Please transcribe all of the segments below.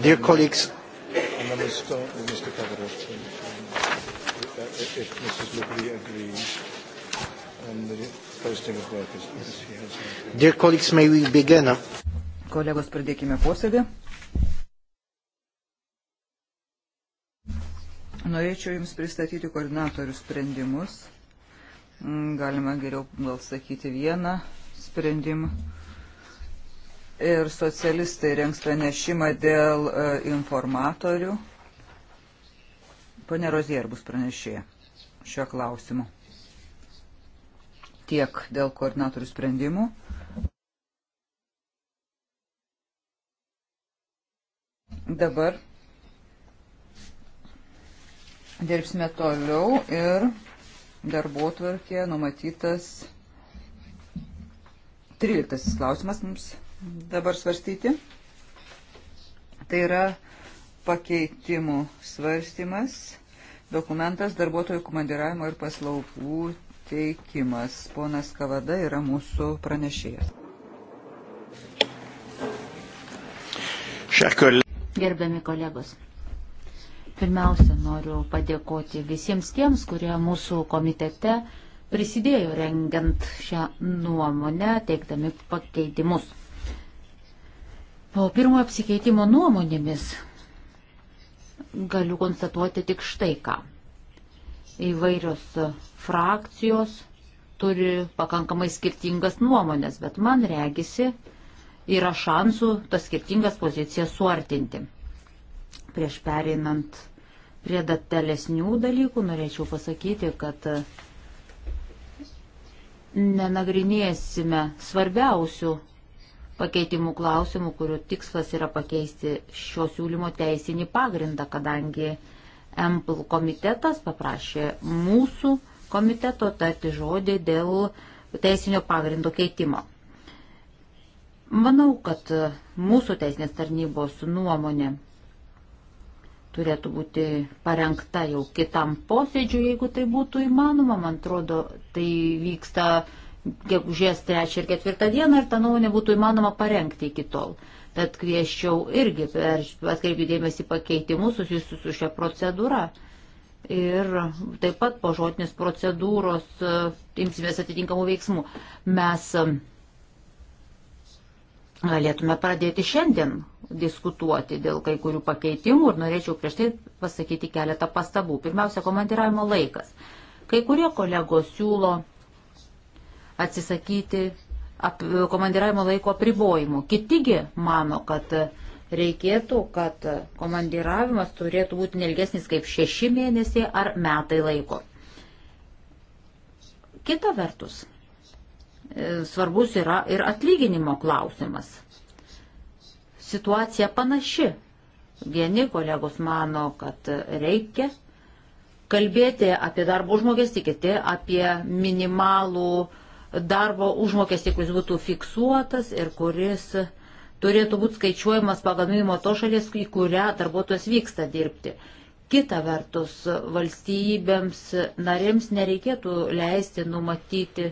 Dear colleagues, and then we start with Mr. Kavarov. If, if Mrs. Liberty agrees on the posting of workers, because she has. Dear colleagues, may we begin? Kolegos, pradėkime posėdį. Norėčiau Jums pristatyti koordinatorių sprendimus. Mm, galima geriau gal sakyti vieną sprendimą ir socialistai rengs pranešimą dėl e, informatorių. Pane Rozier bus pranešėja šio klausimu. Tiek dėl koordinatorių sprendimų. Dabar dirbsime toliau ir darbo tvarkė numatytas 13 klausimas mums dabar svarstyti. Tai yra pakeitimų svarstymas, dokumentas darbuotojų komandiravimo ir paslaugų teikimas. Ponas Kavada yra mūsų pranešėjas. Gerbiami kolegos, pirmiausia noriu padėkoti visiems tiems, kurie mūsų komitete prisidėjo rengiant šią nuomonę, teikdami pakeitimus. Po pirmojo apsikeitimo nuomonėmis galiu konstatuoti tik štai ką. Įvairios frakcijos turi pakankamai skirtingas nuomonės, bet man regisi yra šansų tas skirtingas pozicijas suartinti. Prieš pereinant prie datelesnių dalykų norėčiau pasakyti, kad nenagrinėsime svarbiausių pakeitimų klausimų, kurių tikslas yra pakeisti šio siūlymo teisinį pagrindą, kadangi MPL komitetas paprašė mūsų komiteto tarti žodį dėl teisinio pagrindo keitimo. Manau, kad mūsų teisinės tarnybos nuomonė turėtų būti parengta jau kitam posėdžiui, jeigu tai būtų įmanoma. Man atrodo, tai vyksta gegužės 3 ir 4 dieną ir tą nuomonę būtų įmanoma parengti iki tol. Tad kvieščiau irgi atkreipti dėmesį pakeitimus susijusius su šia procedūra. Ir taip pat po žodinės procedūros e, imsimės atitinkamų veiksmų. Mes e, galėtume pradėti šiandien diskutuoti dėl kai kurių pakeitimų ir norėčiau prieš tai pasakyti keletą pastabų. Pirmiausia, komandiravimo laikas. Kai kurie kolegos siūlo atsisakyti ap, komandiravimo laiko apribojimų. Kitigi mano, kad reikėtų, kad komandiravimas turėtų būti nelgesnis kaip šeši mėnesiai ar metai laiko. Kita vertus, e, svarbus yra ir atlyginimo klausimas. Situacija panaši. Vieni kolegos mano, kad reikia kalbėti apie darbo užmokestį, kiti apie minimalų uh, darbo užmokestį, kuris būtų fiksuotas ir kuris turėtų būti skaičiuojamas pagal minimo to šalies, į kurią darbuotojas vyksta dirbti. Kita vertus, valstybėms narėms nereikėtų leisti numatyti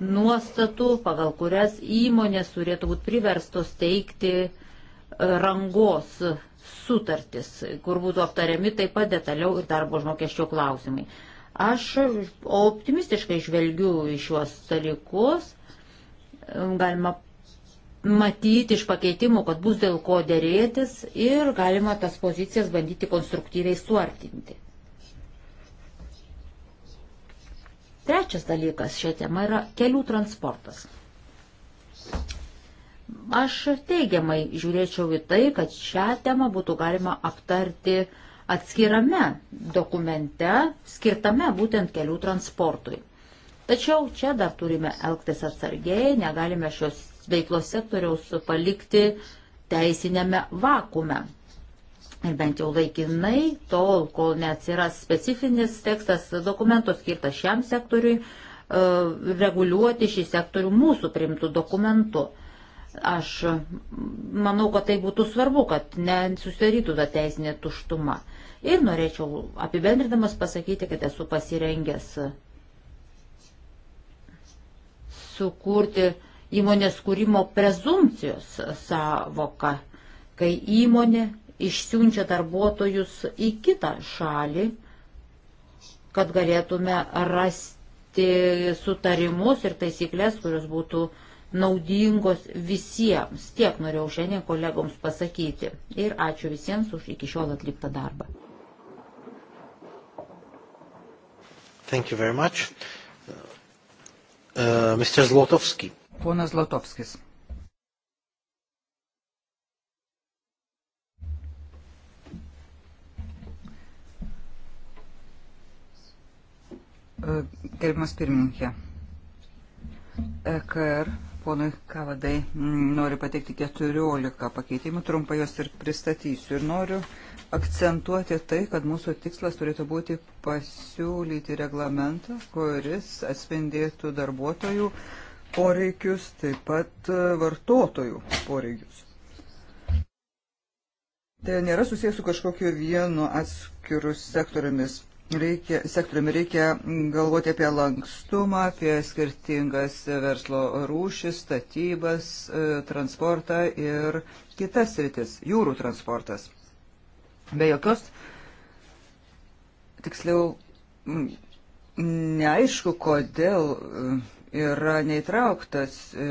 nuostatų, pagal kurias įmonės turėtų būti priverstos teikti e, rangos sutartis, kur būtų aptariami taip pat detaliau ir darbo žmokesčio klausimai. Aš optimistiškai žvelgiu į šiuos dalykus. Galima matyti iš pakeitimų, kad bus dėl ko dėrėtis ir galima tas pozicijas bandyti konstruktyviai suartinti. Trečias dalykas šią temą yra kelių transportas. Aš teigiamai žiūrėčiau į tai, kad šią temą būtų galima aptarti uh, atskirame dokumente, skirtame būtent kelių transportui. Tačiau čia dar turime elgtis atsargiai, negalime šios veiklos sektoriaus palikti teisinėme vakume. Ir bent jau laikinai, tol, kol neatsiras specifinis tekstas dokumento skirtas šiam sektoriui, e, reguliuoti šį sektorių mūsų primtų dokumentų. Aš manau, kad tai būtų svarbu, kad nesusidarytų ta teisinė tuštuma. Ir norėčiau apibendrinamas pasakyti, kad esu pasirengęs sukurti įmonės kūrimo prezumcijos savoką, kai įmonė išsiunčia darbuotojus į kitą šalį, kad galėtume rasti sutarimus ir taisyklės, kurios būtų naudingos visiems. Tiek norėjau šiandien kolegoms pasakyti. Ir ačiū visiems už iki šiol atliktą darbą. Thank you very much. Uh, Mr. Zlotovski. Ponas Zlotovskis. E, Gerbimas pirmininkė, EKR ponui Kavadai mm, noriu pateikti 14 pakeitimų, trumpai juos ir pristatysiu. Ir noriu akcentuoti tai, kad mūsų tikslas turėtų būti pasiūlyti reglamentą, kuris atspindėtų darbuotojų poreikius, taip pat e, vartotojų poreikius. Tai nėra susijęs su kažkokiu vienu atskirus sektoriumis reikia, sektoriumi reikia galvoti apie lankstumą, apie skirtingas verslo rūšis, statybas, e, transportą ir kitas rytis, jūrų transportas. Be jokios, tiksliau, neaišku, kodėl e, yra neįtrauktas e,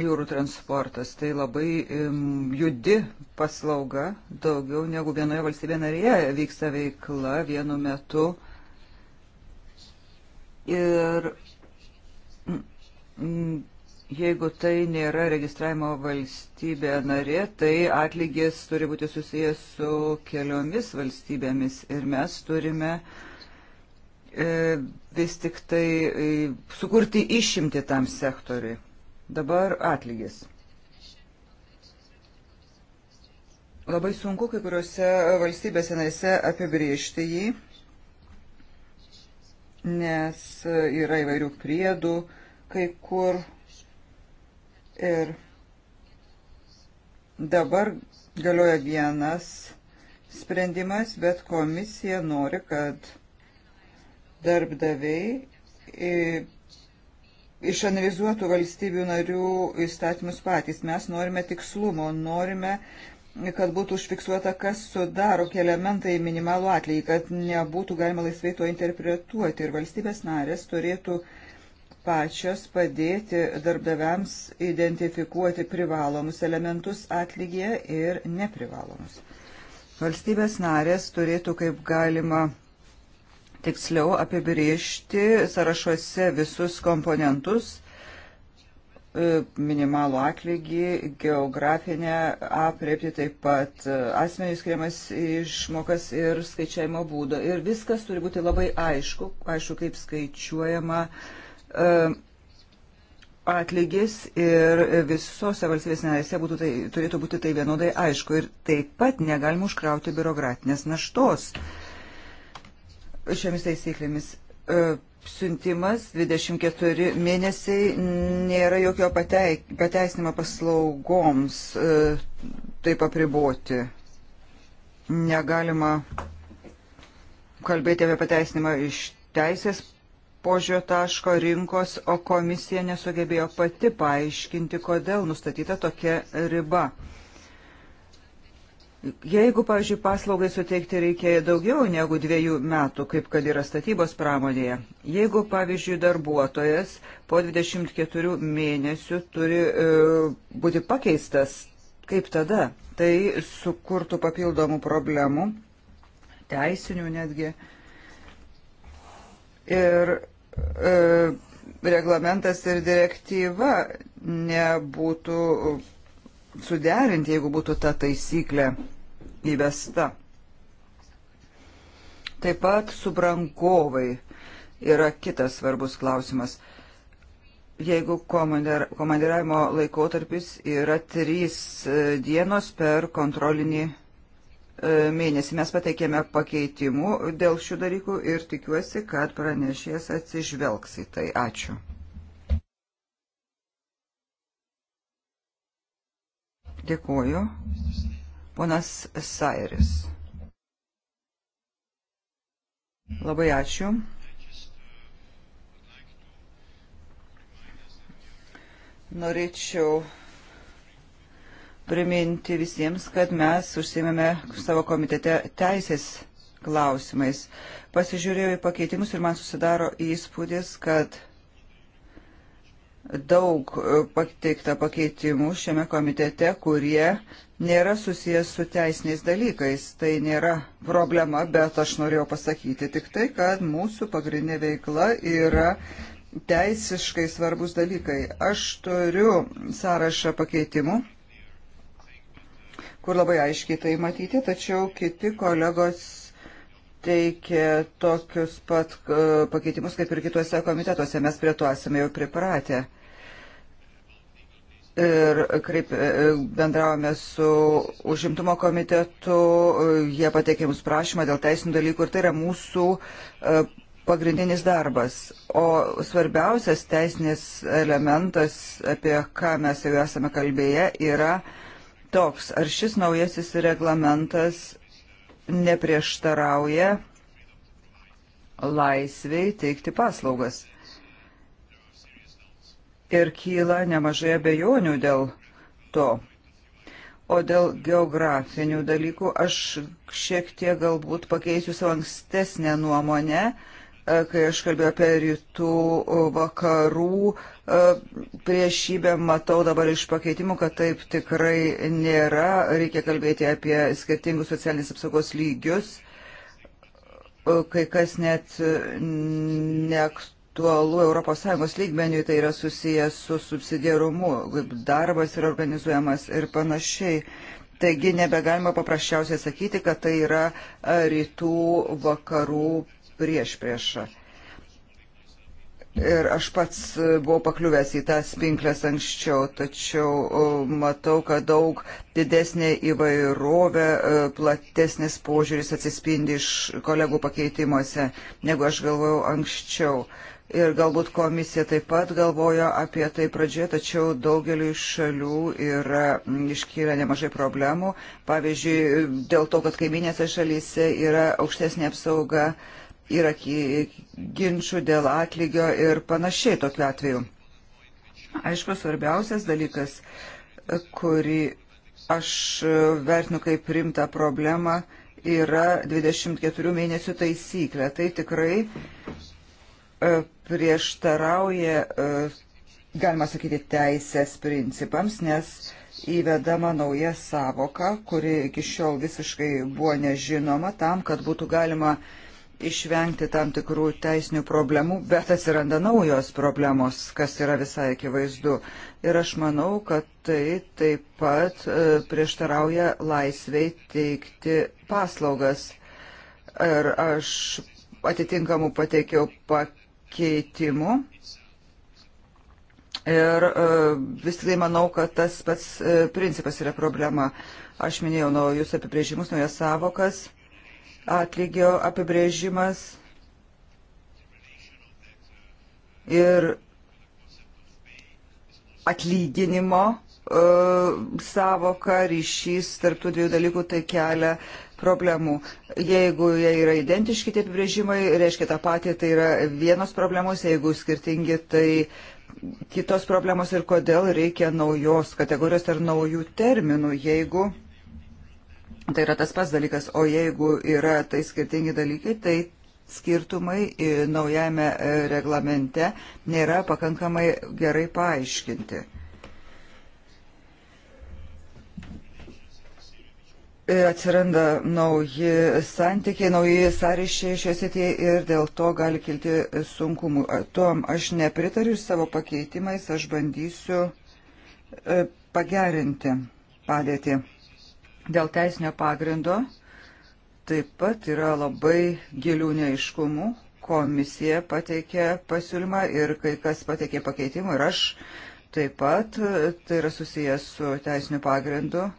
jūrų transportas. Tai labai judi paslauga, daugiau negu vienoje valstybėje narėje vyksta veikla vienu metu. Ir mm, jeigu tai nėra registravimo valstybė narė, tai atlygis turi būti susijęs su keliomis valstybėmis ir mes turime e, vis tik tai e, sukurti išimti tam sektoriui. Dabar atlygis. Labai sunku kai kuriuose valstybėse narėse apibriežti jį, nes yra įvairių priedų kai kur ir dabar galioja vienas sprendimas, bet komisija nori, kad darbdaviai išanalizuotų valstybių narių įstatymus patys. Mes norime tikslumo, norime, kad būtų užfiksuota, kas sudaro tie elementai minimalų atlygį, kad nebūtų galima laisvai to interpretuoti ir valstybės narės turėtų pačios padėti darbdaviams identifikuoti privalomus elementus atlygyje ir neprivalomus. Valstybės narės turėtų kaip galima tiksliau apibriežti sąrašuose visus komponentus e, minimalų atlygį, geografinę apriepti taip pat e, asmenys skiriamas išmokas ir skaičiavimo būdo. Ir viskas turi būti labai aišku, aišku, kaip skaičiuojama e, atlygis ir visose valstybės narėse tai, turėtų būti tai vienodai aišku. Ir taip pat negalima užkrauti biurokratinės naštos. Uh, šiomis taisyklėmis. E, siuntimas 24 mėnesiai nėra jokio pateisinimo paslaugoms e, taip apriboti. Negalima kalbėti apie pateisinimą iš teisės požio taško rinkos, o komisija nesugebėjo pati paaiškinti, kodėl nustatyta tokia riba. Jeigu, pavyzdžiui, paslaugai suteikti reikia daugiau negu dviejų metų, kaip kad yra statybos pramonėje, jeigu, pavyzdžiui, darbuotojas po 24 mėnesių turi e, būti pakeistas, kaip tada? Tai sukurtų papildomų problemų, teisinių netgi. Ir e, reglamentas ir direktyva nebūtų suderinti, jeigu būtų ta taisyklė įvesta. Taip pat subrangovai yra kitas svarbus klausimas. Jeigu komandir, komandiravimo laikotarpis yra trys e, dienos per kontrolinį e, mėnesį, mes pateikėme pakeitimų dėl šių dalykų ir tikiuosi, kad pranešės atsižvelgs į tai. Ačiū. Dėkuoju. Ponas Sairis. Labai ačiū. Norėčiau priminti visiems, kad mes užsimėme savo komitete teisės klausimais. Pasižiūrėjau į pakeitimus ir man susidaro įspūdis, kad daug pateikta pakeitimų šiame komitete, kurie nėra susijęs su teisiniais dalykais. Tai nėra problema, bet aš norėjau pasakyti tik tai, kad mūsų pagrindinė veikla yra teisiškai svarbus dalykai. Aš turiu sąrašą pakeitimų kur labai aiškiai tai matyti, tačiau kiti kolegos teikia tokius pat e, pakeitimus kaip ir kituose komitetuose. Mes prie to esame jau pripratę. Uh, ir kaip e, bendravome su užimtumo komitetu, e, jie pateikė mums prašymą dėl teisinių dalykų ir tai yra mūsų e, pagrindinis darbas. O svarbiausias teisinis elementas, apie ką mes jau esame kalbėję, yra toks, ar šis naujasis reglamentas neprieštarauja laisviai teikti paslaugas ir kyla nemažai abejonių dėl to. O dėl geografinių dalykų aš šiek tiek galbūt pakeisiu savo ankstesnę nuomonę, e, kai aš kalbėjau apie rytų e, vakarų e, priešybę, matau dabar iš pakeitimų, kad taip tikrai nėra. Reikia kalbėti apie skirtingus socialinės apsaugos lygius. Kai kas net neaktualiai aktualu ES lygmeniui, tai yra susijęs su subsidiarumu, kaip darbas yra organizuojamas ir panašiai. Taigi nebegalima paprasčiausiai sakyti, kad tai yra e, rytų vakarų prieš priešą. Ir aš pats buvau pakliuvęs į tas pinklės anksčiau, tačiau e, matau, kad daug didesnė įvairovė, e, platesnis požiūris atsispindi iš kolegų pakeitimuose, negu aš galvojau anksčiau ir galbūt komisija taip pat galvojo apie tai pradžioje, tačiau daugeliu iš šalių yra iškyla nemažai problemų. Pavyzdžiui, dėl to, kad kaiminėse šalyse yra aukštesnė apsauga, yra ginčių dėl atlygio ir panašiai tokiu atveju. Aišku, svarbiausias dalykas, kurį aš vertinu kaip rimtą problemą, yra 24 mėnesių taisyklė. Tai tikrai E, prieštarauja, e, galima sakyti, teisės principams, nes įvedama nauja savoka, kuri iki šiol visiškai buvo nežinoma, tam, kad būtų galima išvengti tam tikrų teisinių problemų, bet atsiranda naujos problemos, kas yra visai akivaizdu. Ir aš manau, kad tai taip pat e, prieštarauja laisvei teikti paslaugas. Ir aš atitinkamų pateikiau pakeitimų pakeitimų. Ir e, vis tik tai manau, kad tas pats e, principas yra problema. Aš minėjau naujus apibrėžimus, naujas savokas, atlygio apibrėžimas ir atlyginimo e, savoka, ryšys tarptų dviejų dalykų tai kelia problemų. Jeigu jie yra identiški tie apibrėžimai, reiškia tą patį, tai yra vienos problemos, jeigu skirtingi, tai kitos problemos ir kodėl reikia naujos kategorijos ar naujų terminų, jeigu tai yra tas pats dalykas, o jeigu yra tai skirtingi dalykai, tai skirtumai naujame e, reglamente nėra pakankamai gerai paaiškinti. E, atsiranda nauji santykiai, nauji sąryšiai šioje srityje ir dėl to gali kilti sunkumų. E, Tuom aš nepritariu savo pakeitimais, aš bandysiu e, pagerinti padėtį. Dėl teisinio pagrindo taip pat yra labai gilių neiškumų. Komisija pateikė pasiūlymą ir kai kas pateikė pakeitimą ir aš taip pat, tai yra susijęs su teisiniu pagrindu,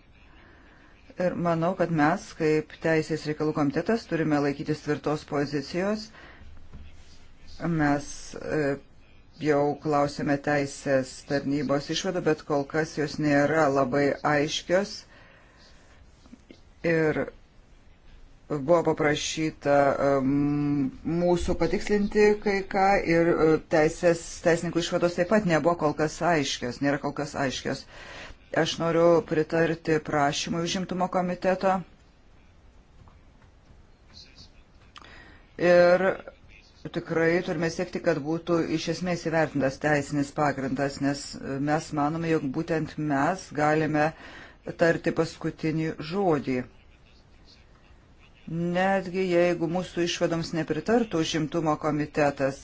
Ir manau, kad mes, kaip Teisės reikalų komitetas, turime laikytis tvirtos pozicijos. Mes e, jau klausėme Teisės tarnybos išvadų, bet kol kas jos nėra labai aiškios. Ir buvo paprašyta e, mūsų patikslinti kai ką ir e, teisės, teisininkų išvados taip pat nebuvo kol kas aiškios, nėra kol kas aiškios. Aš noriu pritarti prašymui užimtumo komiteto. Ir tikrai turime siekti, kad būtų iš esmės įvertintas teisinis pagrindas, nes mes manome, jog būtent mes galime tarti paskutinį žodį. Netgi jeigu mūsų išvadoms nepritartų užimtumo komitetas,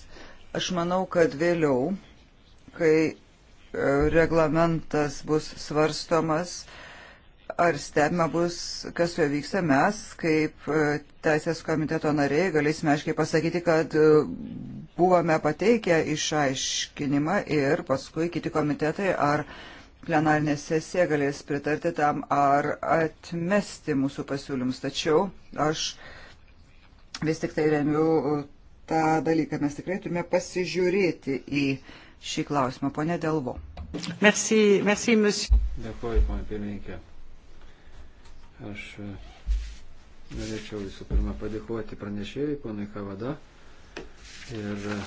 aš manau, kad vėliau, kai reglamentas bus svarstomas, ar stebima bus, kas su juo vyksta, mes kaip e, Teisės komiteto nariai galėsime aiškiai pasakyti, kad e, buvome pateikę išaiškinimą ir paskui kiti komitetai ar plenarinė sesija galės pritarti tam ar atmesti mūsų pasiūlymus. Tačiau aš vis tik tai remiu e, tą dalyką. Mes tikrai turime pasižiūrėti į uh, šį klausimą. Pone Delvo. Merci, merci, monsieur. Dėkuoju, ponė pirmininkė. Aš e, norėčiau visų pirma padėkoti pranešėjai, ponai Kavada. Ir e,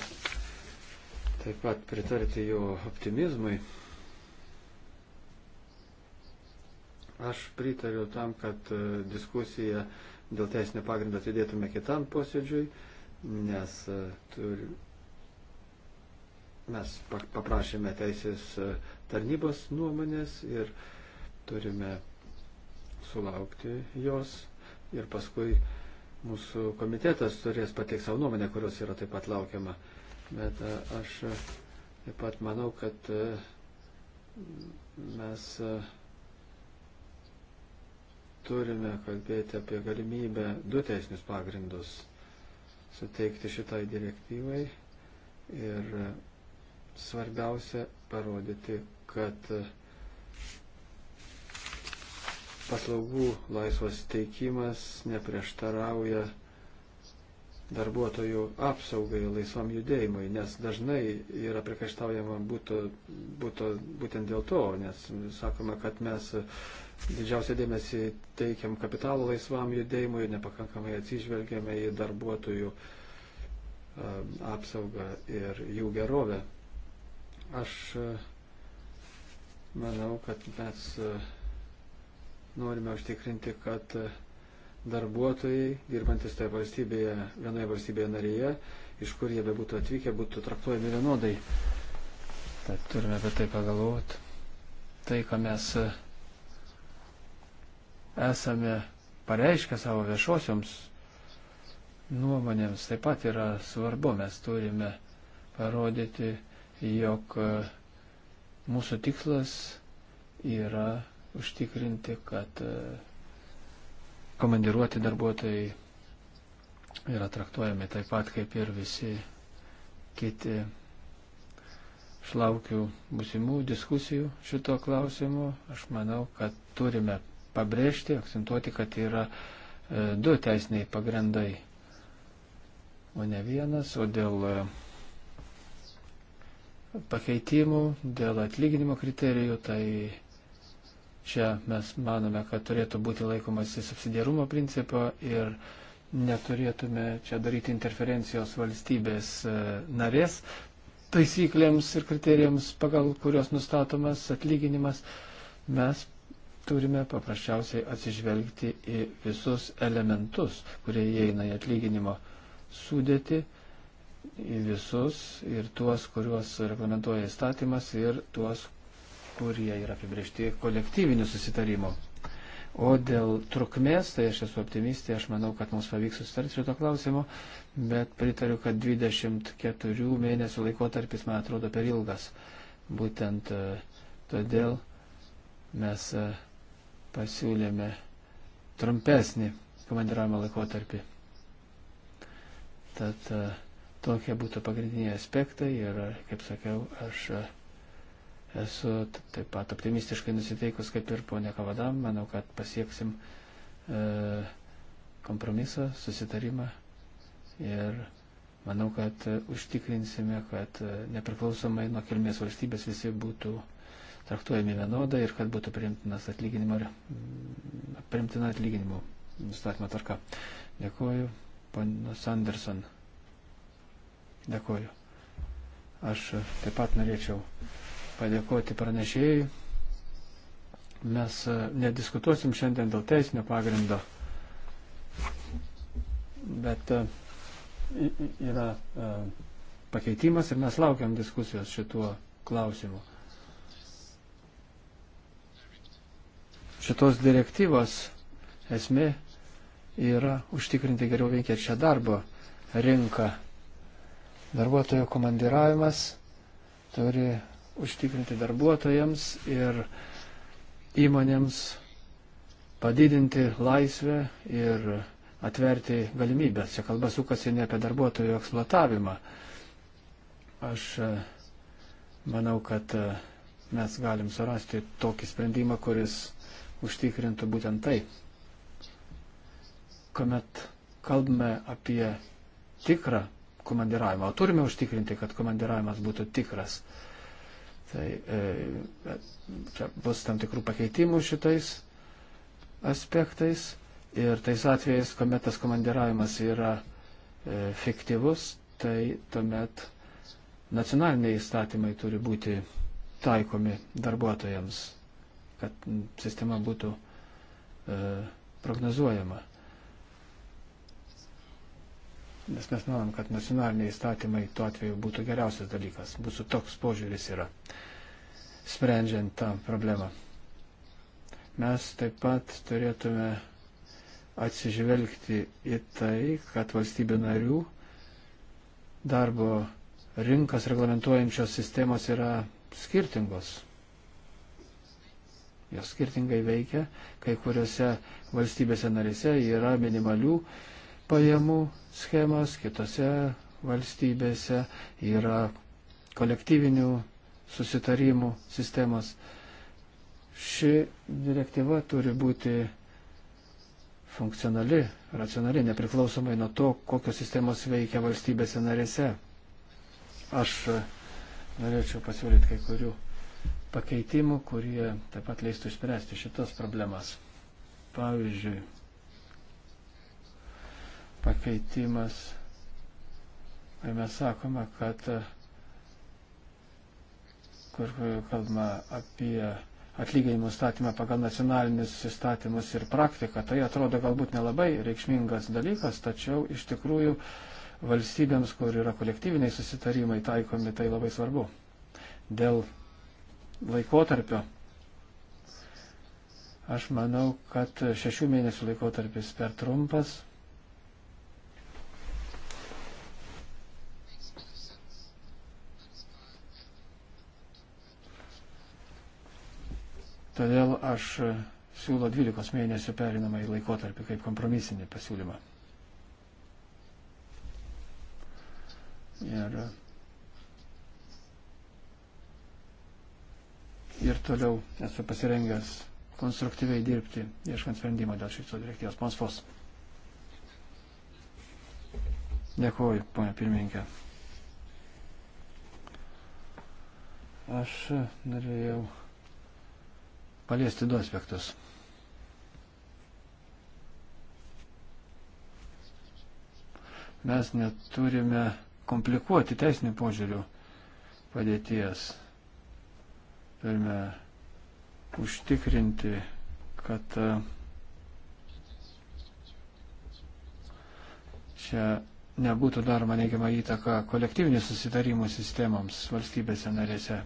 taip pat pritarti jo optimizmui. Aš pritariu tam, kad e, diskusiją dėl teisinio pagrindo atidėtume kitam posėdžiui, nes turi, Mes paprašėme teisės e, tarnybos nuomonės ir turime sulaukti jos ir paskui mūsų komitetas turės pateikti savo nuomonę, kurios yra taip pat laukiama. Bet e, aš e, taip pat manau, kad mes turime kalbėti apie galimybę du teisinius pagrindus suteikti šitai direktyvai ir Svarbiausia parodyti, kad paslaugų laisvas teikimas neprieštarauja darbuotojų apsaugai, laisvam judėjimui, nes dažnai yra priekaištaujama būtų, būtų, būtent dėl to, nes sakoma, kad mes didžiausią dėmesį teikiam kapitalo laisvam judėjimui, nepakankamai atsižvelgiame į darbuotojų um, apsaugą ir jų gerovę. Aš e, manau, kad mes e, norime užtikrinti, kad e, darbuotojai, dirbantis toje valstybėje, vienoje valstybėje narėje, iš kur jie bebūtų atvykę, būtų traktuojami vienodai. Tad turime apie tai pagalvoti. Tai, ką mes esame pareiškę savo viešosioms nuomonėms, taip pat yra svarbu. Mes turime parodyti jog e, mūsų tikslas yra užtikrinti, kad e, komandiruoti darbuotojai yra traktuojami taip pat kaip ir visi kiti. Aš laukiu busimų diskusijų šito klausimu. Aš manau, kad turime pabrėžti, akcentuoti, kad yra e, du teisiniai pagrindai, o ne vienas, o dėl e, pakeitimų dėl atlyginimo kriterijų, tai čia mes manome, kad turėtų būti laikomasi subsidiarumo principo ir neturėtume čia daryti interferencijos valstybės e, narės taisyklėms ir kriterijams, pagal kurios nustatomas atlyginimas. Mes turime paprasčiausiai atsižvelgti į visus elementus, kurie įeina į atlyginimo sudėti į visus ir tuos, kuriuos reglamentuoja įstatymas ir tuos, kurie yra apibriešti kolektyviniu susitarimu. O dėl trukmės, tai aš esu optimistė, aš manau, kad mums pavyks susitarti šito klausimo, bet pritariu, kad 24 mėnesių laikotarpis man atrodo per ilgas. Būtent e, todėl mes e, pasiūlėme trumpesnį komandiravimo laikotarpį. Tad uh, Tokie būtų pagrindiniai aspektai ir, kaip sakiau, aš esu taip pat optimistiškai nusiteikus kaip ir ponia Kavadam. Manau, kad pasieksim e, kompromisą, susitarimą ir manau, kad užtikrinsime, kad e, nepriklausomai nuo kilmės valstybės visi būtų traktuojami vienodai ir kad būtų priimtinas atlyginimo, priimtina atlyginimo nustatymo tvarka. Dėkuoju, ponas Anderson. Dėkuoju. Aš taip pat norėčiau padėkoti pranešėjai. Mes e, nediskutuosim šiandien dėl teisinio pagrindo, bet e, yra e, pakeitimas ir mes laukiam diskusijos šituo klausimu. Šitos direktyvos esmė yra užtikrinti geriau veikiančią darbo rinką Darbuotojo komandiravimas turi užtikrinti darbuotojams ir įmonėms padidinti laisvę ir atverti galimybės. Čia kalba sukasi ne apie darbuotojų eksploatavimą. Aš e, manau, kad e, mes galim surasti tokį sprendimą, kuris užtikrintų būtent tai. Komet kalbame apie tikrą komandiravimą. O turime užtikrinti, kad komandiravimas būtų tikras. Tai e, e, čia bus tam tikrų pakeitimų šitais aspektais ir tais atvejais, kuomet tas komandiravimas yra e, fiktyvus, tai tuomet nacionaliniai įstatymai turi būti taikomi darbuotojams, kad sistema būtų e, prognozuojama nes mes manom, kad nacionaliniai įstatymai tuo atveju būtų geriausias dalykas. Būsų toks požiūris yra, sprendžiant tą problemą. Mes taip pat turėtume atsižvelgti į tai, kad valstybių narių darbo rinkas reglamentuojančios sistemos yra skirtingos. Jos skirtingai veikia, kai kuriuose valstybėse narėse yra minimalių uh, pajamų schemos, kitose valstybėse yra kolektyvinių susitarimų sistemos. Ši direktyva turi būti funkcionali, racionali, nepriklausomai nuo to, kokios sistemos veikia valstybėse narėse. Aš norėčiau pasiūlyti kai kurių pakeitimų, kurie taip pat leistų išspręsti šitas problemas. Pavyzdžiui, pakeitimas, kai mes sakome, kad e, kur kalbama apie atlyginimų statymą pagal nacionalinius įstatymus ir praktiką, tai atrodo galbūt nelabai reikšmingas dalykas, tačiau iš tikrųjų valstybėms, kur yra kolektyviniai susitarimai taikomi, tai labai svarbu. Dėl laikotarpio Aš manau, kad šešių mėnesių laikotarpis per trumpas. Todėl aš e, siūlo 12 mėnesių perinamą į laikotarpį kaip kompromisinį pasiūlymą. Ir, ir toliau esu pasirengęs konstruktyviai dirbti, ieškant sprendimo dėl šitos direktyvos. Ponsfos. Dėkuoju, ponia pirmininkė. Aš norėjau paliesti du aspektus. Mes neturime komplikuoti teisinių požiūrių padėties. Turime užtikrinti, kad e, čia nebūtų daroma neigiama įtaka kolektyvinių susitarimų sistemoms valstybėse narėse.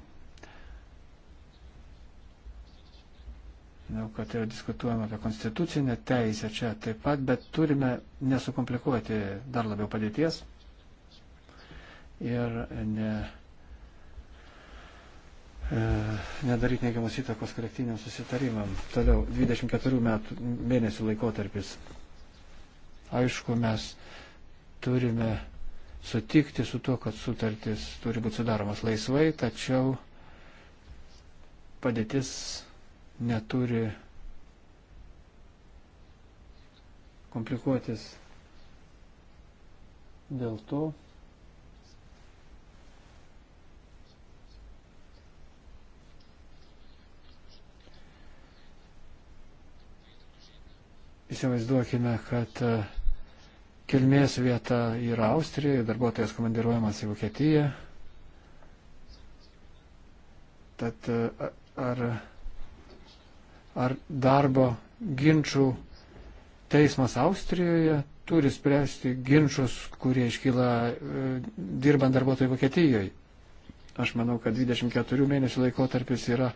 Žinau, kad yra diskutuojama apie konstitucinę teisę čia taip pat, bet turime nesukomplikuoti dar labiau padėties ir ne, e, nedaryti neigiamus įtakos korektiniam susitarimam. Toliau, 24 metų, mėnesių laikotarpis. Aišku, mes turime sutikti su tuo, kad sutartis turi būti sudaromas laisvai, tačiau padėtis neturi komplikuotis dėl to, Įsivaizduokime, kad e, kilmės vieta yra Austrija, darbuotojas komandiruojamas į Vokietiją. Tad e, ar ar darbo ginčių teismas Austrijoje turi spręsti ginčius, kurie iškyla e, dirbant darbuotojai Vokietijoje. Aš manau, kad 24 mėnesių laikotarpis yra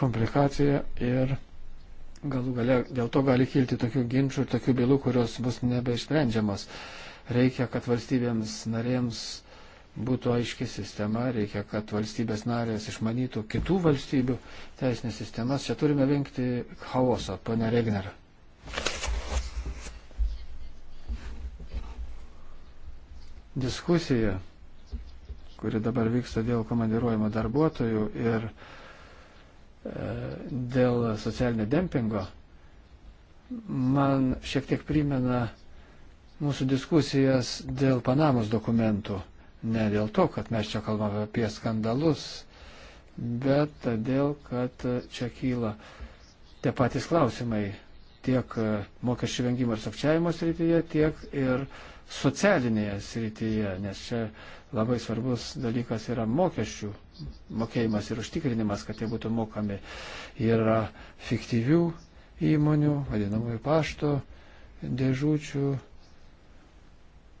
komplikacija ir galų gale dėl to gali kilti tokių ginčių ir tokių bylų, kurios bus nebeišsprendžiamos. Reikia, kad valstybėms narėms būtų aiški sistema, reikia, kad valstybės narės išmanytų kitų valstybių teisinės sistemas. Čia turime vengti chaoso, pane Regner. Diskusija, kuri dabar vyksta dėl komandiruojimo darbuotojų ir e, dėl socialinio dempingo, man šiek tiek primena mūsų diskusijas dėl Panamos dokumentų ne dėl to, kad mes čia kalbame apie skandalus, bet todėl, kad čia kyla tie patys klausimai tiek mokesčių vengimo ir sukčiavimo srityje, tiek ir socialinėje srityje, nes čia labai svarbus dalykas yra mokesčių mokėjimas ir užtikrinimas, kad jie būtų mokami. Yra fiktyvių įmonių, vadinamųjų pašto dėžučių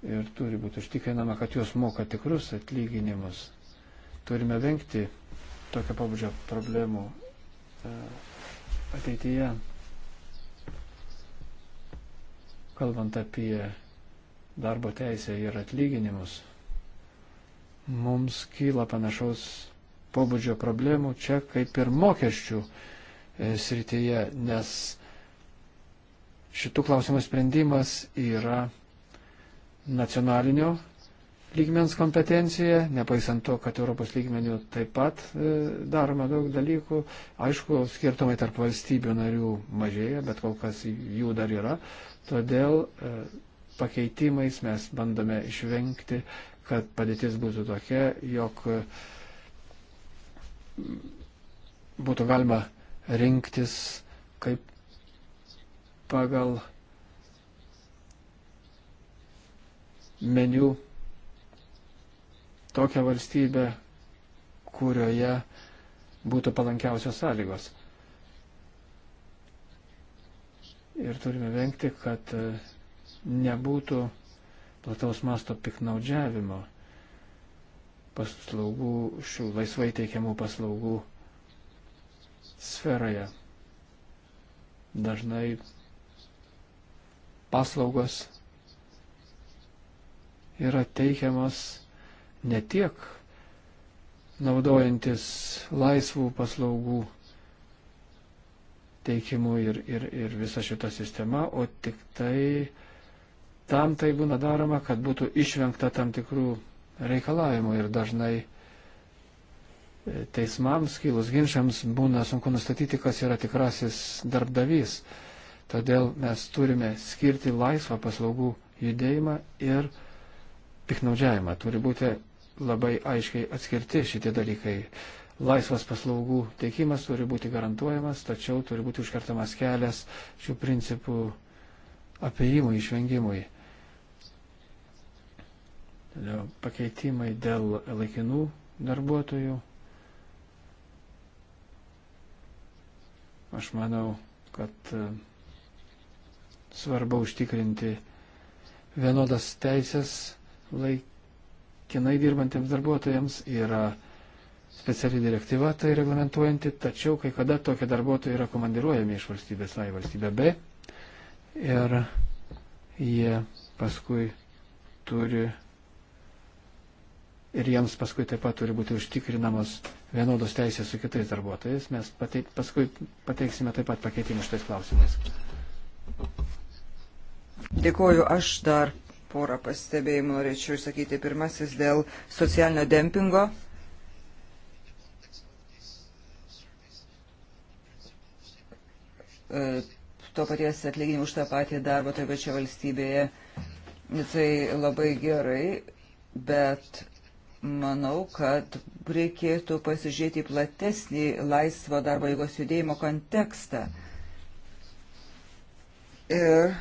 ir turi būti užtikrinama, kad jos moka tikrus atlyginimus. Turime vengti tokio pabudžio problemų e, ateityje. Kalbant apie darbo teisę ir atlyginimus, mums kyla panašaus pobūdžio problemų čia kaip ir mokesčių e, srityje, nes šitų klausimų sprendimas yra nacionalinio lygmens kompetencija, nepaisant to, kad Europos lygmenių taip pat e, daroma daug dalykų. Aišku, skirtumai tarp valstybių narių mažėja, bet kol kas jų dar yra. Todėl e, pakeitimais mes bandome išvengti, kad padėtis būtų tokia, jog e, būtų galima rinktis kaip pagal meniu tokią valstybę, kurioje būtų palankiausios sąlygos. Ir turime vengti, kad e, nebūtų plataus masto piknaudžiavimo paslaugų, šių laisvai teikiamų paslaugų sferoje. Dažnai paslaugos yra teikiamas ne tiek naudojantis laisvų paslaugų teikimu ir, ir, ir visa šita sistema, o tik tai tam tai būna daroma, kad būtų išvengta tam tikrų reikalavimų ir dažnai e, teismams, kilus ginčiams, būna sunku nustatyti, kas yra tikrasis darbdavys. Todėl mes turime skirti laisvą paslaugų judėjimą ir piknaudžiavimą. Turi būti labai aiškiai atskirti šitie dalykai. Laisvas paslaugų teikimas turi būti garantuojamas, tačiau turi būti užkartamas kelias šių principų apėjimui, išvengimui. Pakeitimai dėl laikinų darbuotojų. Aš manau, kad e, svarbu užtikrinti vienodas teisės laikinai dirbantiems darbuotojams yra speciali direktyva tai reglamentuojanti, tačiau kai kada tokie darbuotojai yra komandiruojami iš valstybės A į valstybę B ir jie paskui turi ir jiems paskui taip pat turi būti užtikrinamos vienodos teisės su kitais darbuotojais. Mes pateik, paskui pateiksime taip pat pakeitimų šitais klausimais. Dėkuoju, aš dar porą pastebėjimų norėčiau išsakyti. Pirmasis dėl socialinio dempingo. E, to paties atlyginimo už tą patį darbą toje pačioje valstybėje. Tai labai gerai, bet manau, kad reikėtų pasižiūrėti platesnį laisvo darbo jėgos judėjimo kontekstą. Ir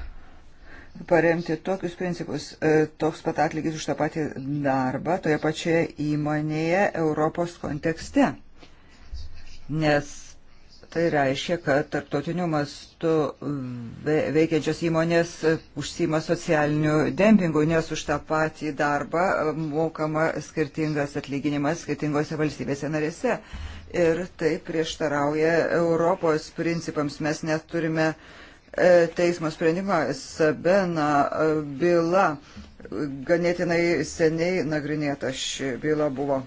paremti tokius principus. E, toks pat atlygis už tą patį darbą toje pačioje įmonėje Europos kontekste. Nes tai reiškia, kad tarptautiniu mastu veikiančios įmonės užsima socialiniu dempingu, nes už tą patį darbą mokama skirtingas atlyginimas skirtingose valstybėse narėse. Ir tai prieštarauja Europos principams. Mes neturime uh, E, teismo sprendimą Sabena e, byla. Ganėtinai seniai nagrinėta ši byla buvo.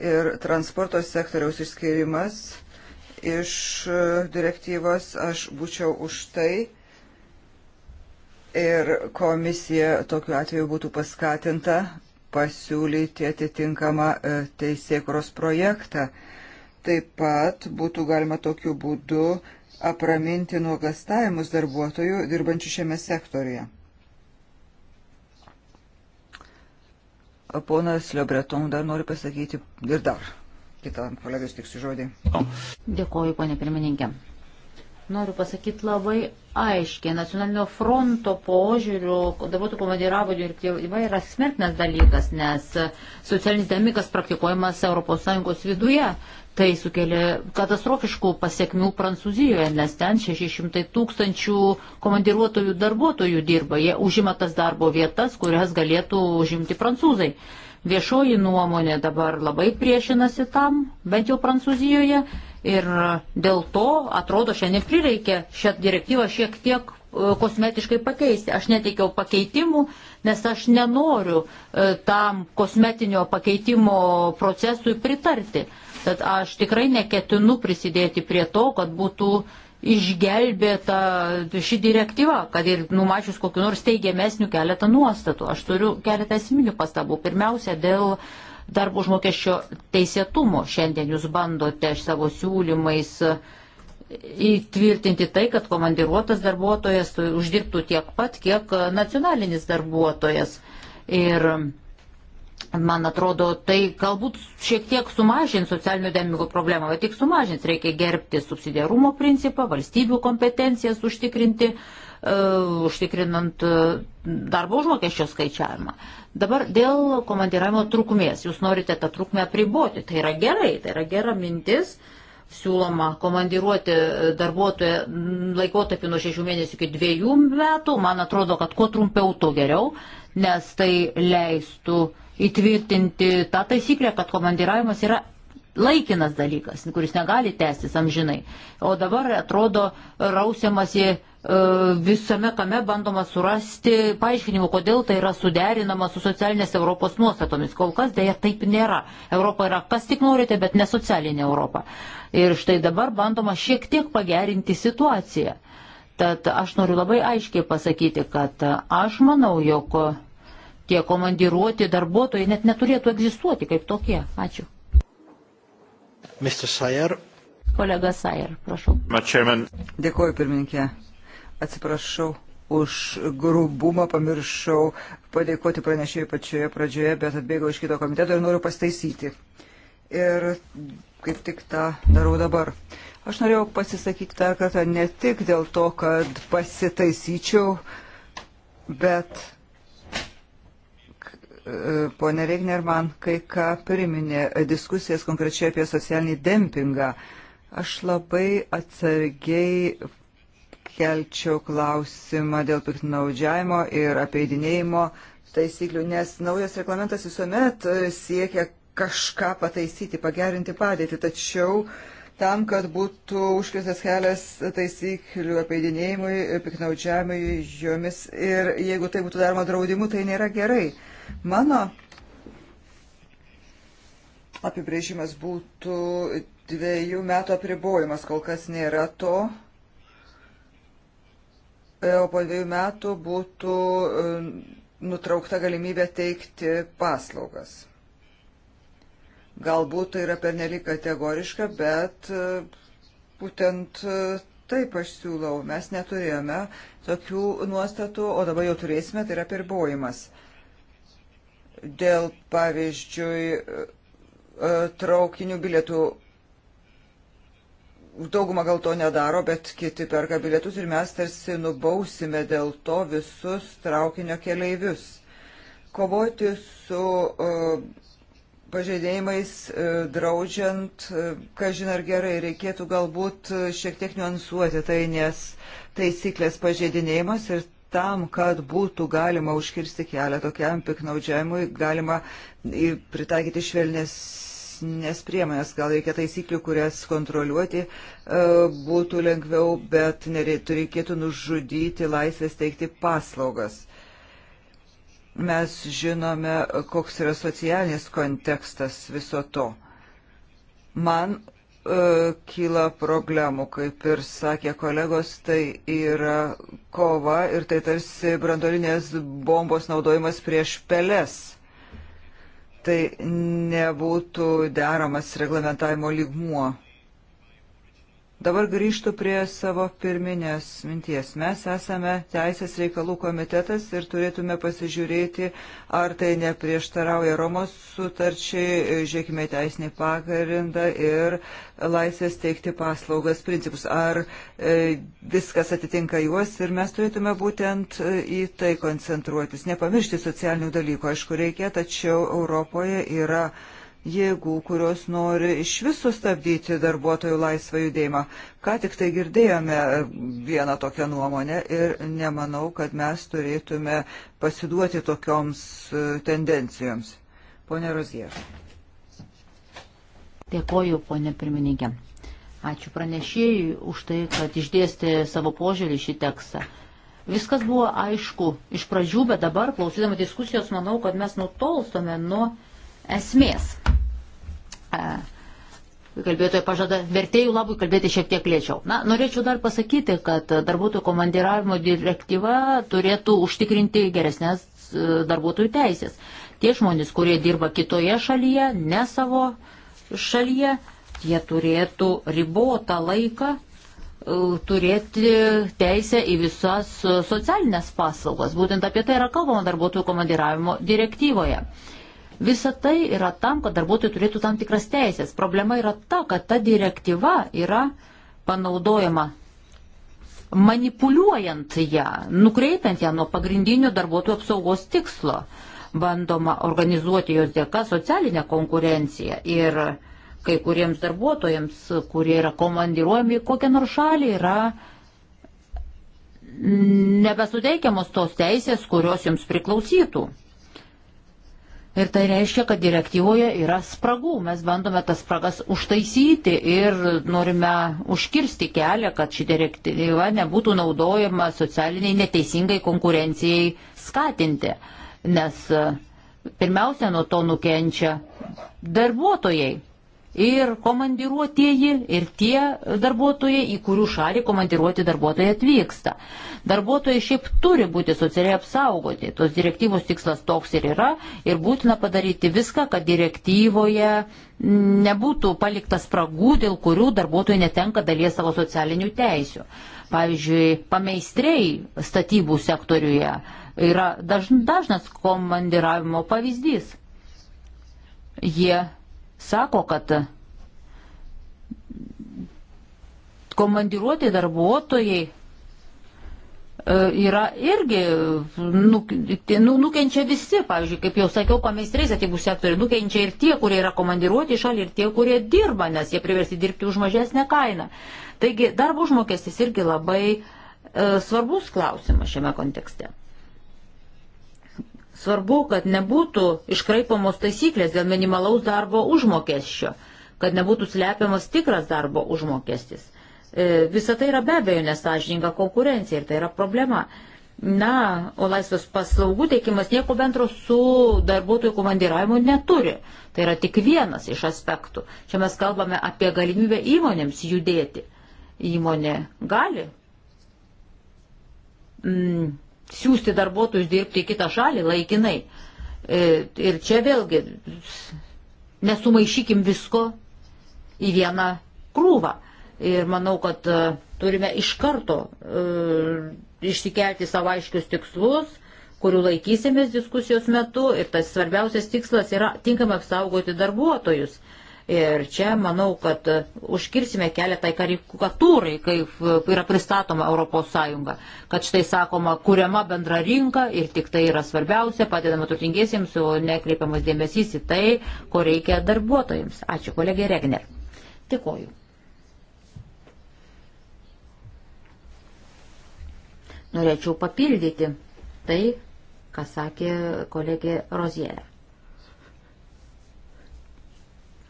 Ir transporto sektoriaus išskirimas iš e, direktyvos aš būčiau už tai. Ir komisija tokiu atveju būtų paskatinta pasiūlyti atitinkamą teisėkros projektą. Taip pat būtų galima tokiu būdu apraminti nuogastavimus darbuotojų dirbančių šiame sektorija. Ponas Liobreton dar nori pasakyti ir dar. Kitam kolegas tik su žodį. Dėkuoju, ponė pirmininkė. Noriu pasakyti labai aiškiai, nacionalinio fronto požiūrių, darbuotojų komandiravo direktyva yra smertinas dalykas, nes socialinis demikas praktikuojamas ES viduje. Tai sukelia katastrofiškų pasiekmių Prancūzijoje, nes ten 600 tūkstančių komandiruotojų darbuotojų dirba. Jie užima tas darbo vietas, kurias galėtų užimti prancūzai. Viešoji nuomonė dabar labai priešinasi tam, bent jau Prancūzijoje, ir dėl to, atrodo, šiandien prireikė šią direktyvą šiek tiek e, kosmetiškai pakeisti. Aš neteikiau pakeitimų, nes aš nenoriu e, tam kosmetinio pakeitimo procesui pritarti. Tad aš tikrai neketinu prisidėti prie to, kad būtų uh, išgelbėta ši direktyva, kad ir numačius kokiu nors teigiamesnių keletą nuostatų. Aš turiu keletą esminių pastabų. Pirmiausia, dėl darbo užmokesčio teisėtumo. Šiandien jūs bandote savo siūlymais įtvirtinti tai, kad komandiruotas darbuotojas uždirbtų tiek pat, kiek nacionalinis darbuotojas. Ir Man atrodo, tai galbūt šiek tiek sumažins socialinio dempingo problemą, bet tik sumažins. Reikia gerbti subsidiarumo principą, valstybių kompetencijas užtikrinti, uh, užtikrinant uh, darbo užmokesčio skaičiavimą. Dabar dėl komandiravimo trukmės. Jūs norite tą trukmę priboti. Tai yra gerai, tai yra gera mintis. Siūloma komandiruoti darbuotoją laikotarpį nuo 6 mėnesių iki 2 metų. Man atrodo, kad kuo trumpiau, tuo geriau, nes tai leistų uh, įtvirtinti tą taisyklę, kad komandiravimas yra laikinas dalykas, kuris negali tęstis amžinai. O dabar atrodo rausiamasi e, visame kame bandoma surasti paaiškinimų, kodėl tai yra suderinama su socialinės Europos nuostatomis. Kol kas dėja taip nėra. Europa yra kas tik norite, bet ne socialinė Europa. Ir štai dabar bandoma šiek tiek pagerinti situaciją. Tad aš noriu labai aiškiai pasakyti, kad aš manau, jog tie komandiruoti darbuotojai net neturėtų egzistuoti kaip tokie. Ačiū. Mr. Sayer. Kolega Sayer, prašau. Dėkuoju, pirmininkė. Atsiprašau už grubumą, pamiršau padėkoti pranešėjai pačioje pradžioje, bet atbėgau iš kito komiteto ir noriu pastaisyti. Ir kaip tik tą darau dabar. Aš norėjau pasisakyti tą kartą ne tik dėl to, kad pasitaisyčiau, bet ponė Regner man kai ką priminė diskusijas konkrečiai apie socialinį dempingą. Aš labai atsargiai kelčiau klausimą dėl piktnaudžiavimo ir apeidinėjimo taisyklių, nes naujas reglamentas visuomet e, siekia kažką pataisyti, pagerinti padėtį, tačiau tam, kad būtų užkirstas kelias taisyklių apeidinėjimui, piknaudžiavimui jomis ir jeigu tai būtų daroma draudimu, tai nėra gerai. Mano apibrėžimas būtų dviejų metų apribojimas, kol kas nėra to. E, o po dviejų metų būtų e, nutraukta galimybė teikti paslaugas. Galbūt tai yra pernelyg kategoriška, bet e, būtent taip aš siūlau. Mes neturėjome tokių nuostatų, o dabar jau turėsime, tai yra pirbojimas dėl, pavyzdžiui, e, traukinių bilietų. Dauguma gal to nedaro, bet kiti perka bilietus ir mes tarsi nubausime dėl to visus traukinio keleivius. Kovoti su uh, pažeidėjimais e, draudžiant, kažin ar gerai, reikėtų galbūt šiek tiek niuansuoti tai, nes taisyklės pažeidinėjimas ir tam, kad būtų galima užkirsti kelią tokiam piknaudžiavimui, galima pritaikyti švelnesnės priemonės. Gal reikia taisyklių, kurias kontroliuoti e, būtų lengviau, bet nereikėtų reikėtų nužudyti laisvės teikti paslaugas. Mes žinome, koks yra socialinis kontekstas viso to. Man E, kyla problemų, kaip ir sakė kolegos, tai yra kova ir tai tarsi brandolinės bombos naudojimas prieš peles. Tai nebūtų deramas reglamentavimo lygmuo. Dabar grįžtų prie savo pirminės minties. Mes esame Teisės reikalų komitetas ir turėtume pasižiūrėti, ar tai neprieštarauja Romos sutarčiai, žiūrėkime teisinį pagrindą ir laisvės teikti paslaugas principus. Ar e, viskas atitinka juos ir mes turėtume būtent e, į tai koncentruotis. Nepamiršti socialinių dalykų, aišku, reikia, tačiau Europoje yra jėgų, kurios nori iš viso stabdyti darbuotojų laisvą judėjimą. Ką tik tai girdėjome e, vieną tokią nuomonę ir nemanau, kad mes turėtume pasiduoti tokioms e, tendencijoms. Pone Rozier. Dėkoju, ponė pirmininkė. Ačiū pranešėjui už tai, kad išdėstė savo požiūrį šį tekstą. Viskas buvo aišku iš pradžių, bet dabar, klausydama diskusijos, manau, kad mes nutolstame nuo esmės. E, Kalbėtoje pažada vertėjų labui kalbėti šiek tiek lėčiau. Na, norėčiau dar pasakyti, kad darbuotojų komandiravimo direktyva turėtų užtikrinti geresnės e, darbuotojų teisės. Tie žmonės, kurie dirba kitoje šalyje, ne savo šalyje, jie turėtų ribotą laiką e, turėti teisę į visas socialinės paslaugas. Būtent apie tai yra kalbama darbuotojų komandiravimo direktyvoje. Uh, Visa tai yra tam, kad darbuotojai turėtų tam tikras teisės. Problema yra ta, kad ta direktyva yra panaudojama manipuliuojant ją, nukreipiant ją nuo pagrindinio darbuotojų apsaugos tikslo. Bandoma organizuoti jos dėka socialinę konkurenciją ir kai kuriems darbuotojams, kurie yra komandiruojami į kokią nors šalį, yra nebesuteikiamos tos teisės, kurios jums priklausytų. Ir tai reiškia, kad direktyvoje yra spragų. Mes bandome tas spragas užtaisyti ir norime užkirsti kelią, kad ši direktyva nebūtų naudojama socialiniai neteisingai konkurencijai skatinti. Nes e, pirmiausia nuo to nukenčia darbuotojai ir komandiruotieji, ir tie darbuotojai, į kurių šalį komandiruoti darbuotojai atvyksta. Darbuotojai šiaip turi būti socialiai apsaugoti. Tos direktyvos tikslas toks ir yra ir būtina padaryti viską, kad direktyvoje nebūtų paliktas spragų, dėl kurių darbuotojai netenka dalies savo socialinių teisių. Pavyzdžiui, pameistrei statybų sektoriuje yra dažnas komandiravimo pavyzdys. Jie sako, kad komandiruoti darbuotojai e, yra irgi nu, nukenčia visi, pavyzdžiui, kaip jau sakiau, pameistrės atėbų sektoriai, nukenčia ir tie, kurie yra komandiruoti į šalį, ir tie, kurie dirba, nes jie priversti dirbti už mažesnę kainą. Taigi darbo užmokestis irgi labai e, svarbus klausimas šiame kontekste. Svarbu, kad nebūtų iškraipamos taisyklės dėl minimalaus darbo užmokesčio, kad nebūtų slepiamas tikras darbo užmokestis. E, visa tai yra be abejo nesažininga konkurencija ir tai yra problema. Na, o laisvas paslaugų teikimas nieko bendro su darbuotojų komandiravimu neturi. Tai yra tik vienas iš aspektų. Čia mes kalbame apie galimybę įmonėms judėti. Įmonė gali mm, siūsti darbuotojus dirbti į kitą šalį laikinai. E, ir čia vėlgi nesumaišykim visko į vieną krūvą. Ir manau, kad e, turime iš karto e, išsikelti savo aiškius tikslus, kurių laikysimės diskusijos metu ir tas svarbiausias tikslas yra tinkamai apsaugoti darbuotojus. Ir čia manau, kad užkirsime kelią tai karikatūrai, kaip yra pristatoma ES, kad štai sakoma, kuriama bendra rinka ir tik tai yra svarbiausia, padedama turtingiesiems, o nekreipiamas dėmesys į tai, ko reikia darbuotojams. Ačiū, kolegė Regner. Dėkoju. Norėčiau papildyti tai, ką sakė kolegė Rozėlė.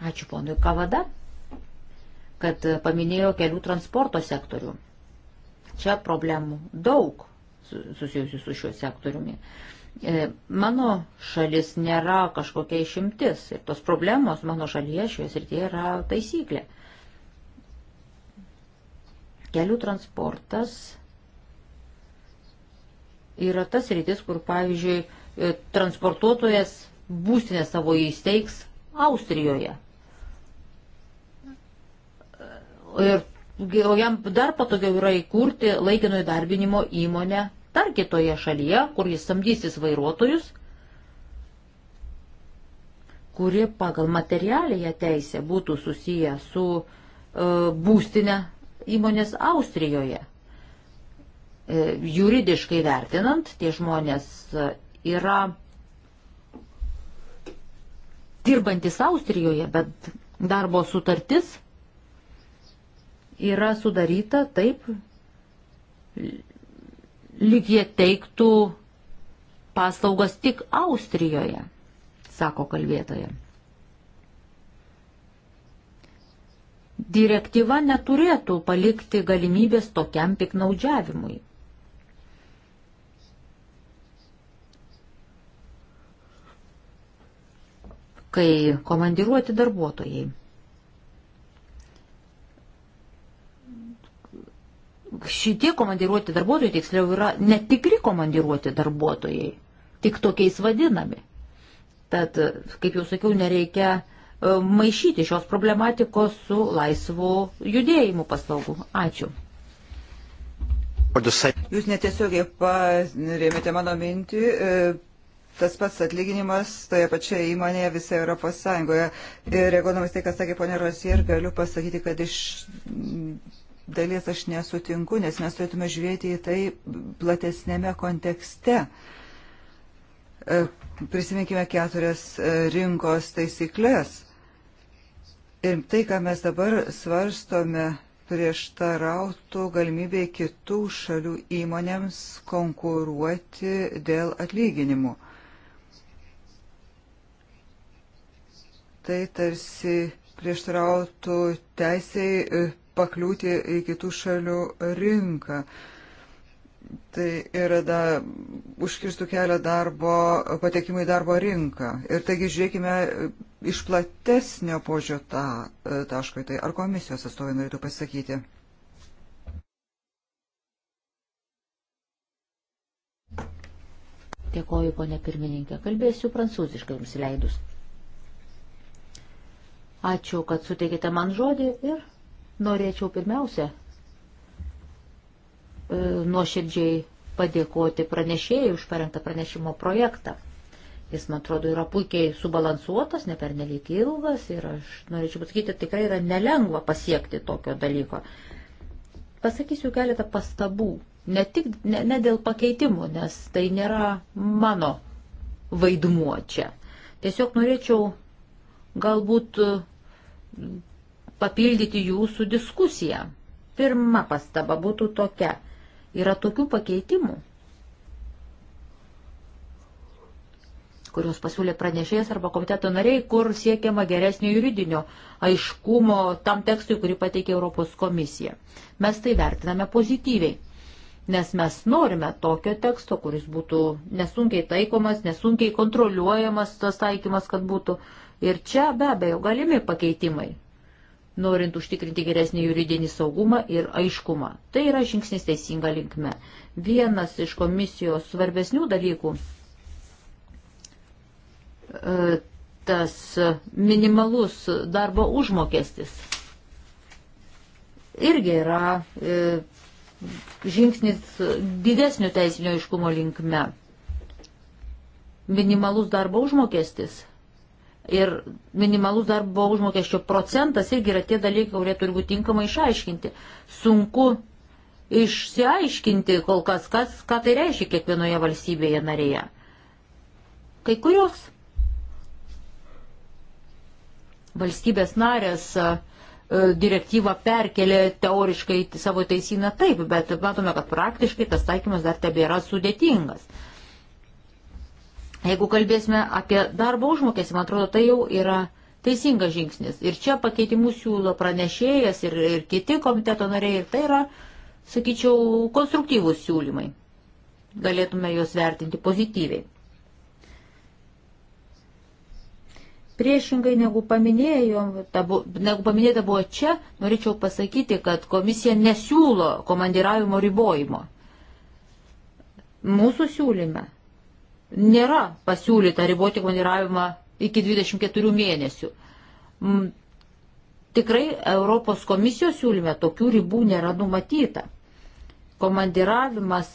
Ačiū ponui Kavada, kad paminėjo kelių transporto sektorių. Čia problemų daug susijusių su šiuo sektoriumi. E, mano šalis nėra kažkokia išimtis ir tos problemos mano šalyje šioje srityje yra taisyklė. Kelių transportas yra tas rytis, kur, pavyzdžiui, e, transportuotojas būstinę savo įsteigs Austrijoje. Ir jam dar patogiau yra įkurti laikino įdarbinimo įmonę dar kitoje šalyje, kur jis samdysis vairuotojus, kuri pagal materialėje teisę būtų susiję su e, būstinė įmonės Austrijoje. E, juridiškai vertinant, tie žmonės e, yra dirbantis Austrijoje, bet darbo sutartis yra sudaryta taip, lyg jie teiktų paslaugas tik Austrijoje, sako kalbėtoja. Direktyva neturėtų palikti galimybės tokiam piknaudžiavimui. Kai komandiruoti darbuotojai šitie komandiruoti darbuotojai, tiksliau, yra netikri komandiruoti darbuotojai, tik tokiais vadinami. Tad, kaip jau sakiau, nereikia e, maišyti šios problematikos su laisvu judėjimu paslaugų. Ačiū. Jūs netiesiogiai parėmėte mano mintį. E, tas pats atlyginimas toje pačioje įmonėje visoje Europos Sąjungoje. Ir reaguodamas tai, ką sakė ponė Rosier, galiu pasakyti, kad iš dalies aš nesutinku, nes mes turėtume žiūrėti į tai platesnėme kontekste. E, prisiminkime keturias e, rinkos taisyklės. Ir tai, ką mes dabar svarstome, prieštarautų galimybėj kitų šalių įmonėms konkuruoti dėl atlyginimų. Tai tarsi prieštarautų teisiai e, pakliūti į kitų šalių rinką. Tai yra da, užkirstų kelią darbo, patekimui į darbo rinką. Ir taigi žiūrėkime iš platesnio požio tą e, tašką. Tai ar komisijos atstovai norėtų pasakyti? Dėkoju, ponė pirmininkė. Kalbėsiu prancūziškai jums leidus. Ačiū, kad suteikėte man žodį ir Norėčiau pirmiausia e, nuoširdžiai padėkoti pranešėjai už parengtą pranešimo projektą. Jis, man atrodo, yra puikiai subalansuotas, nepernelyg ilgas ir aš norėčiau pasakyti, tikrai yra nelengva pasiekti tokio dalyko. Pasakysiu keletą pastabų, ne, tik, ne, ne dėl pakeitimų, nes tai nėra mano vaidmuo čia. Tiesiog norėčiau galbūt papildyti jūsų diskusiją. Pirma pastaba būtų tokia. Yra tokių pakeitimų, kuriuos pasiūlė pranešėjas arba komiteto nariai, kur siekiama geresnio juridinio aiškumo tam tekstui, kurį pateikė Europos komisija. Mes tai vertiname pozityviai, nes mes norime tokio teksto, kuris būtų nesunkiai taikomas, nesunkiai kontroliuojamas tas taikymas, kad būtų. Ir čia be abejo galimi pakeitimai norint užtikrinti geresnį juridinį saugumą ir aiškumą. Tai yra žingsnis teisinga linkme. Vienas iš komisijos svarbesnių dalykų e, tas minimalus darbo užmokestis irgi yra e, žingsnis didesnio teisinio aiškumo linkme. Minimalus darbo užmokestis Ir minimalus darbo užmokesčio procentas irgi yra tie dalykai, kurie turi būti tinkamai išaiškinti. Sunku išsiaiškinti kol kas, kas, ką tai reiškia kiekvienoje valstybėje narėje. Kai kurios valstybės narės e, direktyvą perkelė teoriškai savo teisiną taip, bet matome, kad praktiškai tas taikymas dar tebėra sudėtingas. Jeigu kalbėsime apie darbo užmokestį, man atrodo, tai jau yra teisingas žingsnis. Ir čia pakeitimus siūlo pranešėjas ir, ir kiti komiteto nariai. Ir tai yra, sakyčiau, konstruktyvūs siūlymai. Galėtume juos vertinti pozityviai. Priešingai negu, paminėjo, tabu, negu paminėta buvo čia, norėčiau pasakyti, kad komisija nesiūlo komandiravimo ribojimo. Mūsų siūlyme nėra pasiūlyta riboti komandiravimą iki 24 mėnesių. Tikrai Europos komisijos siūlyme tokių ribų nėra numatyta. Komandiravimas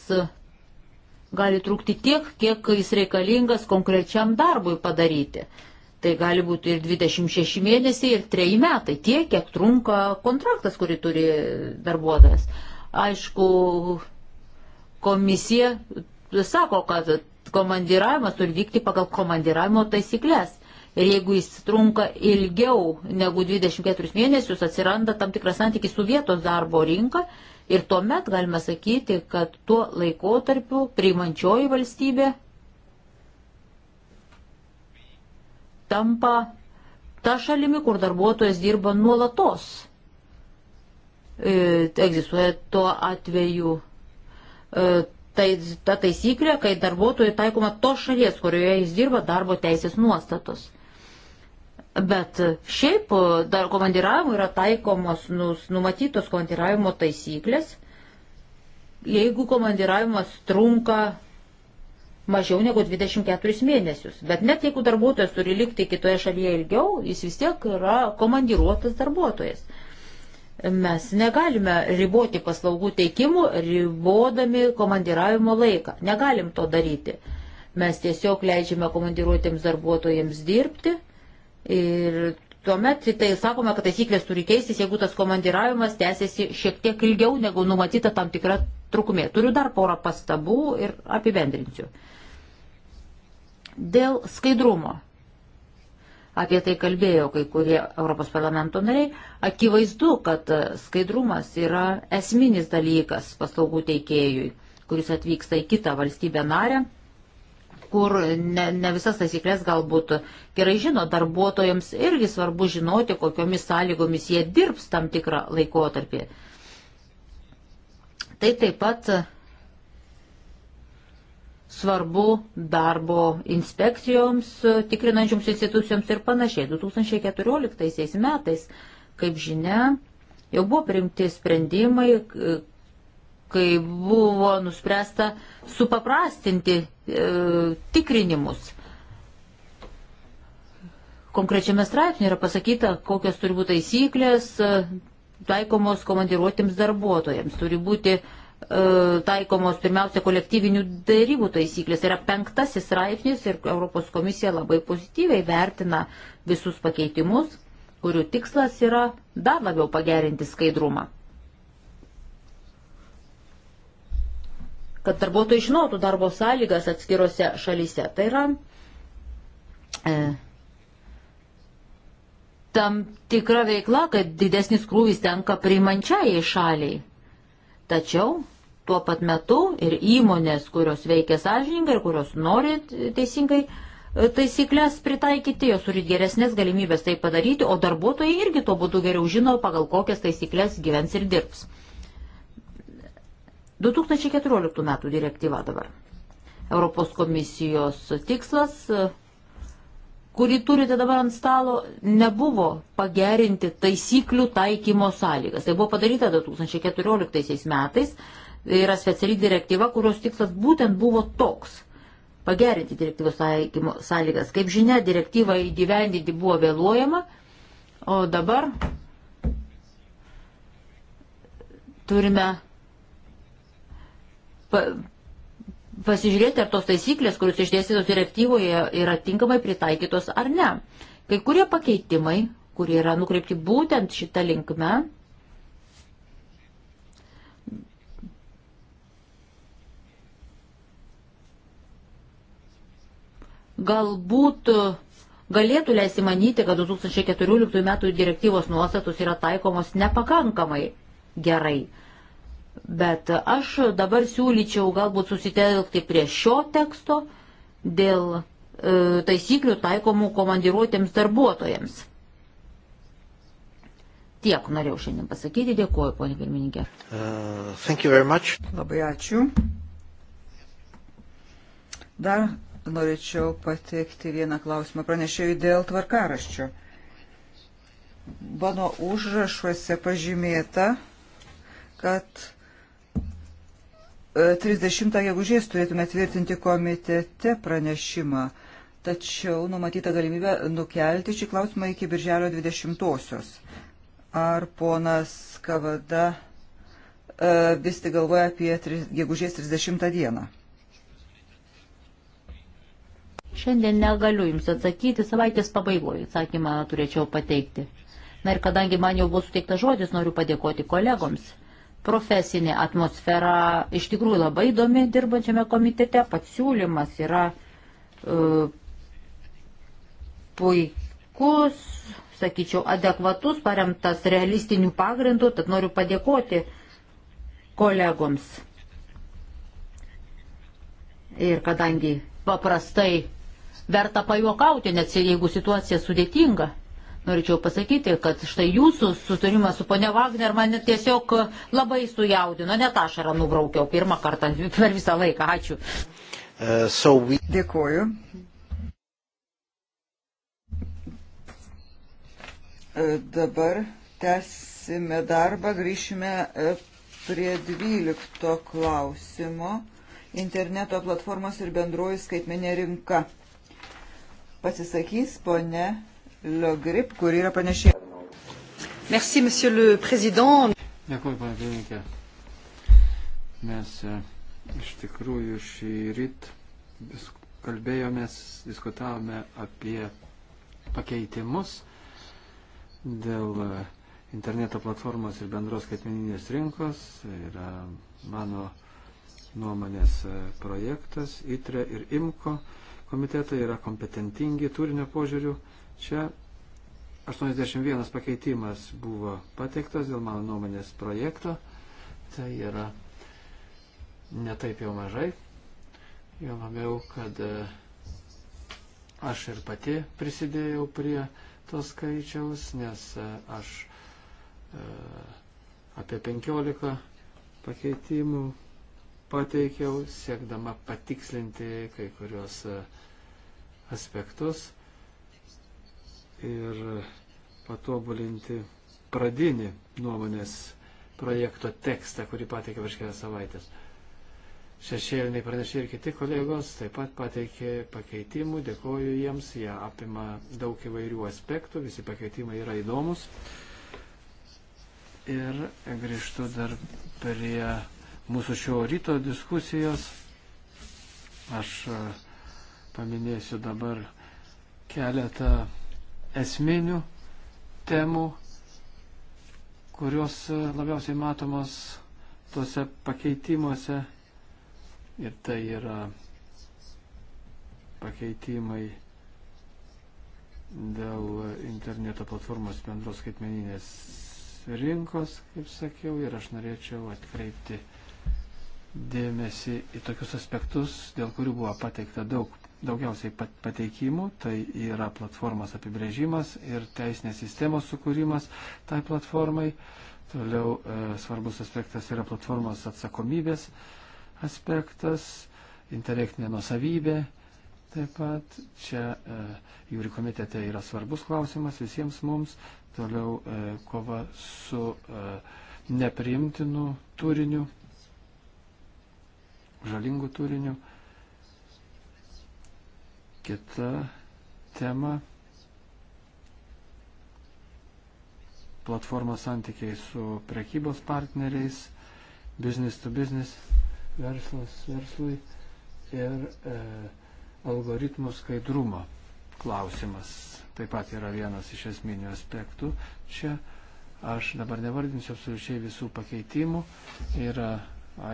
gali trukti tiek, kiek jis reikalingas konkrečiam darbui padaryti. Tai gali būti ir 26 mėnesiai, ir 3 metai, tiek, kiek trunka kontraktas, kurį turi darbuotojas. Aišku, komisija sako, kad komandiravimas turi vykti pagal komandiravimo taisyklės. Ir jeigu jis trunka ilgiau negu 24 mėnesius, atsiranda tam tikras santykis su vietos darbo rinka ir tuomet galime sakyti, kad tuo laikotarpiu priimančioji valstybė tampa ta šalimi, kur darbuotojas dirba nuolatos. E, egzistuoja tuo atveju e, tai ta taisyklė, kai darbuotojui taikoma tos šalies, kurioje jis dirba darbo teisės nuostatos. Bet šiaip e, dar komandiravimo yra taikomos numatytos komandiravimo taisyklės, jeigu komandiravimas trunka mažiau negu 24 mėnesius. Bet net jeigu darbuotojas turi likti kitoje šalyje ilgiau, jis vis tiek yra komandiruotas darbuotojas. Mes negalime riboti paslaugų teikimų, ribodami komandiravimo laiką. Negalim to daryti. Mes tiesiog leidžiame komandiruotėms darbuotojams dirbti ir tuomet tai sakome, kad taisyklės turi keistis, jeigu tas komandiravimas tęsiasi šiek tiek ilgiau negu numatyta tam tikra trukmė. Turiu dar porą pastabų ir apibendrinsiu. Dėl skaidrumo apie tai kalbėjo kai kurie Europos parlamento nariai, akivaizdu, kad skaidrumas yra esminis dalykas paslaugų teikėjui, kuris atvyksta į kitą valstybę narę kur ne, ne visas taisyklės galbūt gerai žino, darbuotojams irgi svarbu žinoti, kokiomis sąlygomis jie dirbs tam tikrą laikotarpį. Tai taip pat svarbu darbo inspekcijoms, e, tikrinančioms institucijoms ir panašiai. 2014 metais, kaip žinia, jau buvo priimti sprendimai, e, kai buvo nuspręsta supaprastinti e, tikrinimus. Konkrečiame straipsnėje yra pasakyta, kokios turi būti taisyklės e, taikomos komandiruotėms darbuotojams. Turi būti e, E, taikomos pirmiausia kolektyvinių dėrybų taisyklės. Tai yra penktasis straipsnis ir Europos komisija labai pozityviai vertina visus pakeitimus, kurių tikslas yra dar labiau pagerinti skaidrumą. Kad darbuotojai žinotų darbo sąlygas atskirose šalyse. Tai yra e, tam tikra veikla, kad didesnis krūvis tenka priimančiai šaliai Tačiau tuo pat metu ir įmonės, kurios veikia sąžiningai ir kurios nori teisingai e, taisyklės pritaikyti, jos turi geresnės galimybės tai padaryti, o darbuotojai irgi tuo būdu geriau žino, pagal kokias taisyklės gyvens ir dirbs. 2014 metų direktyva dabar. Europos komisijos tikslas e, kurį turite dabar ant stalo, nebuvo pagerinti taisyklių taikymo sąlygas. Tai buvo padaryta 2014 metais, yra speciali direktyva, kurios tikslas būtent buvo toks - pagerinti direktyvos taikymo sąlygas. Kaip žinia, direktyvą įgyvendinti buvo vėluojama, o dabar turime pasižiūrėti, ar tos taisyklės, kurios išdėstytos direktyvoje, yra tinkamai pritaikytos ar ne. Kai kurie pakeitimai, kurie yra nukreipti būtent šitą linkmę, galbūt galėtų leisti manyti, kad 2014 metų direktyvos nuostatos yra taikomos nepakankamai gerai. Bet aš dabar siūlyčiau galbūt susitelkti prie šio teksto dėl e, taisyklių taikomų komandiruotėms darbuotojams. Tiek norėjau šiandien pasakyti. Dėkuoju, ponė pirmininkė. Uh, Labai ačiū. Dar norėčiau pateikti vieną klausimą pranešėjui dėl tvarkaraščio. Mano užrašuose pažymėta, kad 30 gegužės turėtume tvirtinti komitete pranešimą, tačiau numatyta galimybė nukelti šį klausimą iki birželio 20-osios. Ar ponas Kavada e, vis tik galvoja apie gegužės 30 dieną? Šiandien negaliu jums atsakyti, savaitės pabaigoje atsakymą turėčiau pateikti. Na ir kadangi man jau buvo suteiktas žodis, noriu padėkoti kolegoms Profesinė atmosfera iš tikrųjų labai įdomi dirbančiame komitete, pats siūlymas yra uh, puikus, sakyčiau, adekvatus, paremtas realistinių pagrindų, tad noriu padėkoti kolegoms. Ir kadangi paprastai verta pajokauti, nes jeigu situacija sudėtinga, norėčiau pasakyti, kad štai jūsų sutarimas su ponia Wagner mane tiesiog labai sujaudino, net ašarą nubraukiau pirmą kartą per visą laiką. Ačiū. Uh, so we... Dėkuoju. Uh, dabar tęsime darbą, grįšime uh, prie 12 klausimo interneto platformos ir bendroji skaitmenė rinka. Pasisakys ponė Le Grip, kuri yra panašiai. Merci, monsieur le président. Dėkuoju, pana pirmininkė. Mes e, iš tikrųjų šį ryt kalbėjomės, diskutavome apie pakeitimus dėl e, interneto platformos ir bendros skaitmeninės rinkos. Tai yra mano nuomonės e, projektas, ITRE ir IMKO komitetai yra kompetentingi turinio požiūrių Čia 81 pakeitimas buvo pateiktas dėl mano nuomonės projekto. Tai yra netaip jau mažai. Jo labiau, kad e, aš ir pati prisidėjau prie to skaičiaus, nes e, aš e, apie 15 pakeitimų pateikiau, siekdama patikslinti kai kurios aspektus ir patobulinti pradinį nuomonės projekto tekstą, kurį pateikė prieš kelias savaitės. Šešėliniai pranešė ir kiti kolegos, taip pat pateikė pakeitimų, dėkoju jiems, jie apima daug įvairių aspektų, visi pakeitimai yra įdomus. Ir grįžtu dar prie mūsų šio ryto diskusijos. Aš e, paminėsiu dabar keletą esminių temų, kurios labiausiai matomos tuose pakeitimuose. Ir tai yra pakeitimai dėl interneto platformos bendros skaitmeninės rinkos, kaip sakiau, ir aš norėčiau atkreipti dėmesį į tokius aspektus, dėl kurių buvo pateikta daug daugiausiai pateikimų, tai yra platformos apibrėžimas ir teisinės sistemos sukūrimas tai platformai. Toliau e, svarbus aspektas yra platformos atsakomybės aspektas, intelektinė nusavybė. Taip pat čia e, jūri komitete yra svarbus klausimas visiems mums. Toliau e, kova su e, nepriimtinu turiniu, žalingu turiniu. E, Kita tema - platformos santykiai su prekybos partneriais, business to business, verslas verslui ir e, algoritmų skaidrumo klausimas. Taip pat yra vienas iš esminių aspektų. Čia aš dabar nevardinsiu absoliučiai visų pakeitimų. Yra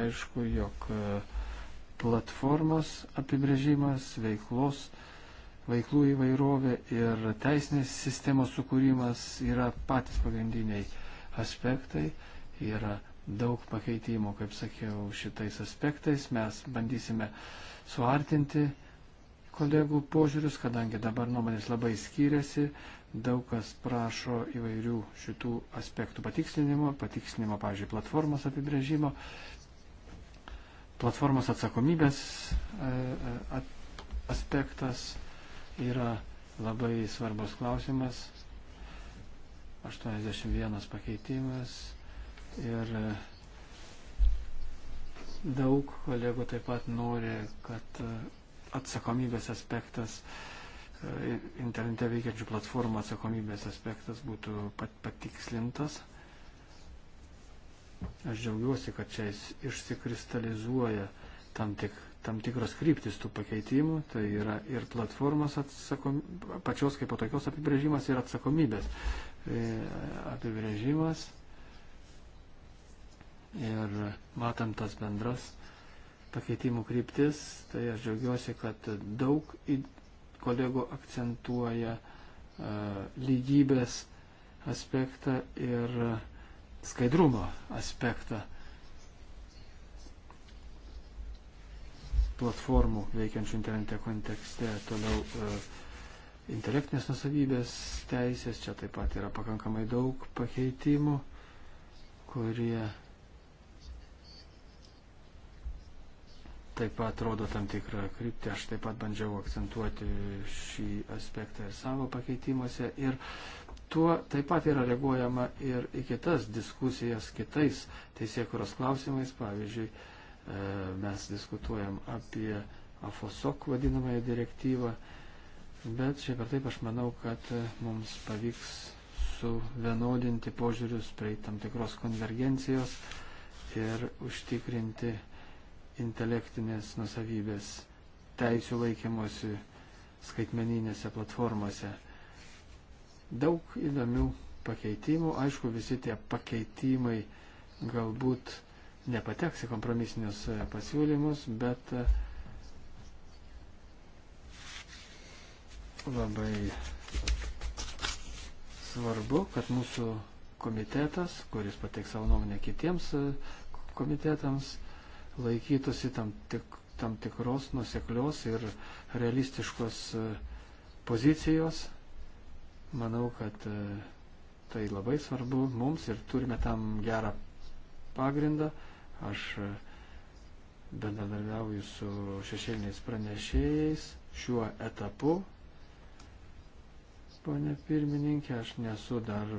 aišku, jog e, platformos apibrėžimas, veiklos, veiklų įvairovė ir teisinės sistemos sukūrimas yra patys pagrindiniai aspektai. Yra daug pakeitimų, kaip sakiau, šitais aspektais. Mes bandysime suartinti kolegų požiūrius, kadangi dabar nuomonės labai skiriasi, daug kas prašo įvairių šitų aspektų patikslinimo, patikslinimo, pavyzdžiui, platformos apibrėžimo platformos atsakomybės e, e, aspektas yra labai svarbus klausimas. 81 pakeitimas ir e, daug kolegų taip pat nori, kad atsakomybės aspektas, internete veikiančių platformų atsakomybės aspektas būtų pat patikslintas. Aš džiaugiuosi, kad čia išsikristalizuoja tam, tik, tam tikros kryptis tų pakeitimų, tai yra ir platformos atsakom, pačios kaip tokios apibrėžimas ir atsakomybės e, apibrėžimas. Ir matant tas bendras pakeitimų kryptis, tai aš džiaugiuosi, kad daug kolegų akcentuoja e, lygybės aspektą ir uh, skaidrumo aspektą platformų veikiančių internete kontekste, toliau e, intelektinės nusavybės teisės, čia taip pat yra pakankamai daug pakeitimų, kurie taip pat rodo tam tikrą kryptį. Aš taip pat bandžiau akcentuoti šį aspektą ir savo pakeitimuose. Ir Tuo taip pat yra reaguojama ir į kitas diskusijas kitais teisėkuros klausimais. Pavyzdžiui, e, mes diskutuojam apie AFOSOK vadinamąją direktyvą, bet šiaip ar taip aš manau, kad e, mums pavyks suvienodinti požiūrius prie tam tikros konvergencijos ir užtikrinti intelektinės nusavybės teisų laikymosi skaitmeninėse platformose. Daug įdomių pakeitimų. Aišku, visi tie pakeitimai galbūt nepateks į kompromisinius e, pasiūlymus, bet e, labai svarbu, kad mūsų komitetas, kuris pateiks savo nuomonę kitiems e, komitetams, laikytųsi tam, tik, tam tikros nuseklios ir realistiškos pozicijos Manau, kad e, tai labai svarbu mums ir turime tam gerą pagrindą. Aš e, bendradarbiauju su šešėliniais pranešėjais šiuo etapu. Pone pirmininkė, aš nesu dar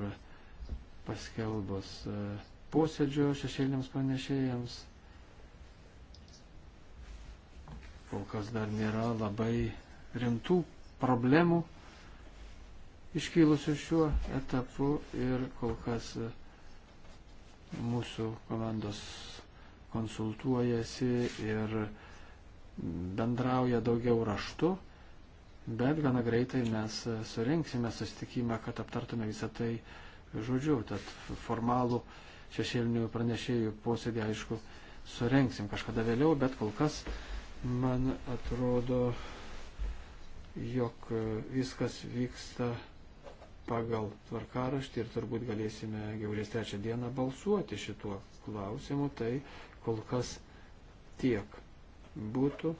paskelbus e, posėdžio šešėliniams pranešėjams. Kol kas dar nėra labai rimtų problemų iškilusių šiuo etapu ir kol kas e, mūsų komandos konsultuojasi ir bendrauja daugiau raštu, bet gana greitai mes e, surinksime susitikimą, kad aptartume visą tai žodžiu, tad formalų šešėlinių pranešėjų posėdį, aišku, surenksim kažkada vėliau, bet kol kas man atrodo, jog e, viskas vyksta pagal tvarkaraštį ir turbūt galėsime gegužės trečią dieną balsuoti šituo klausimu, tai kol kas tiek būtų.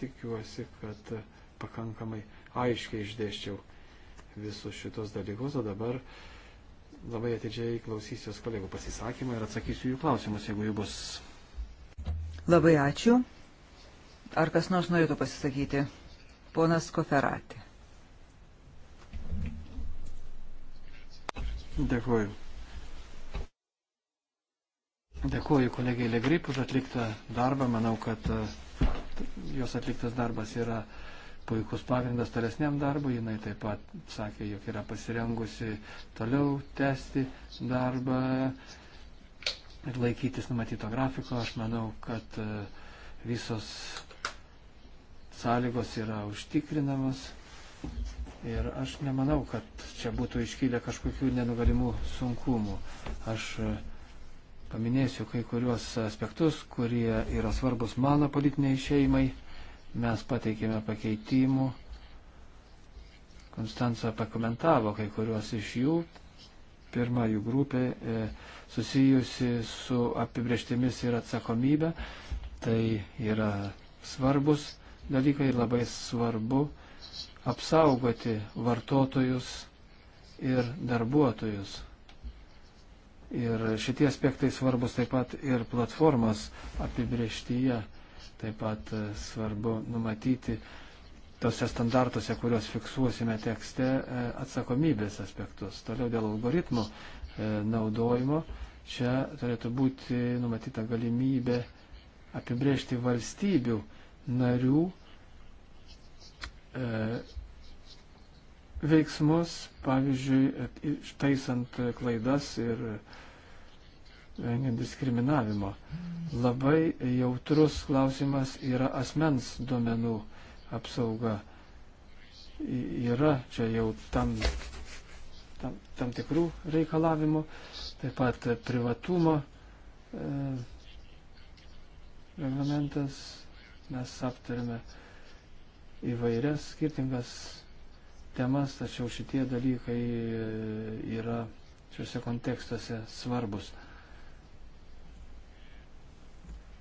Tikiuosi, kad pakankamai aiškiai išdėščiau visus šitos dalykus, o dabar labai atidžiai klausysiuos kolegų pasisakymą ir atsakysiu jų klausimus, jeigu jų bus. Labai ačiū. Ar kas nors norėtų pasisakyti? Ponas Koferatė. Dėkuoju. Dėkuoju kolegiai Legrip už atliktą darbą. Manau, kad e, jos atliktas darbas yra puikus pagrindas tolesniam darbui. Jis taip pat sakė, jog yra pasirengusi toliau tęsti darbą ir laikytis numatyto grafiko. Aš manau, kad e, visos sąlygos yra užtikrinamos. Ir aš nemanau, kad čia būtų iškylę kažkokių nenugalimų sunkumų. Aš e, paminėsiu kai kuriuos aspektus, kurie yra svarbus mano politiniai šeimai. Mes pateikėme pakeitimų. Konstanca pakomentavo kai kuriuos iš jų. Pirma jų grupė e, susijusi su apibrieštimis ir atsakomybė. Tai yra svarbus dalykai ir labai svarbu apsaugoti vartotojus ir darbuotojus. Ir šitie aspektai svarbus taip pat ir platformos apibrieštyje. Taip pat e, svarbu numatyti tose standartuose, kuriuos fiksuosime tekste, e, atsakomybės aspektus. Toliau dėl algoritmų e, naudojimo čia turėtų būti numatyta galimybė apibrėžti valstybių narių E, veiksmus, pavyzdžiui, ištaisant klaidas ir vengiant diskriminavimo. Labai jautrus klausimas yra asmens duomenų apsauga. Yra čia jau tam, tam, tam tikrų reikalavimų, taip pat privatumo e, reglamentas mes aptarėme e, įvairias skirtingas temas, tačiau šitie dalykai yra šiuose kontekstuose svarbus.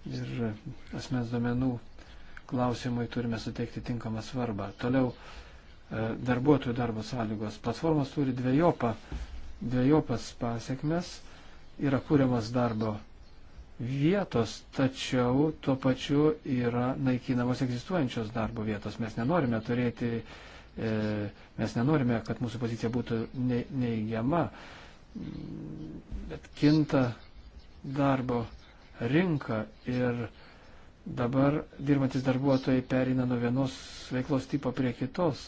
Ir asmens domenų klausimui turime suteikti tinkamą svarbą. Toliau e, darbuotojų darbo sąlygos. Platformos turi dviejopą, dviejopas pasiekmes. Yra kūriamas darbo vietos, tačiau tuo pačiu yra naikinamos egzistuojančios darbo vietos. Mes nenorime turėti, e, mes nenorime, kad mūsų pozicija būtų ne, neįgiama, bet kinta darbo rinka ir dabar dirbantis darbuotojai perina nuo vienos veiklos tipo prie kitos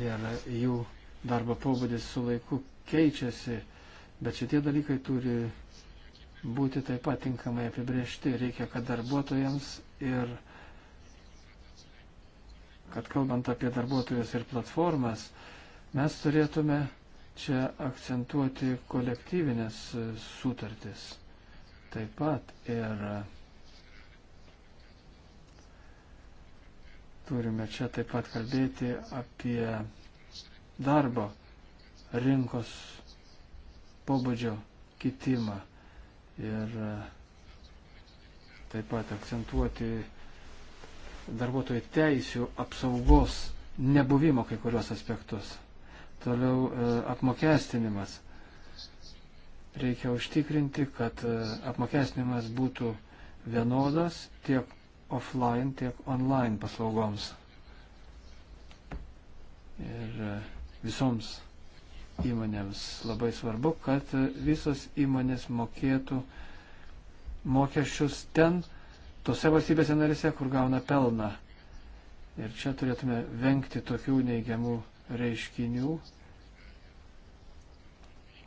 ir jų darbo pobūdis su laiku keičiasi, bet šitie dalykai turi būti taip pat tinkamai apibriežti. Reikia, kad darbuotojams ir kad kalbant apie darbuotojus ir platformas, mes turėtume čia akcentuoti kolektyvinės sutartis. Taip pat ir turime čia taip pat kalbėti apie darbo rinkos pobūdžio kitimą ir e, taip pat akcentuoti darbuotojų teisių apsaugos nebuvimo kai kurios aspektus. Toliau e, apmokestinimas. Reikia užtikrinti, kad e, apmokestinimas būtų vienodas tiek offline, tiek online paslaugoms. Ir visoms įmonėms. Labai svarbu, kad visos įmonės mokėtų mokesčius ten, tose valstybėse narise, kur gauna pelną. Ir čia turėtume vengti tokių neigiamų reiškinių,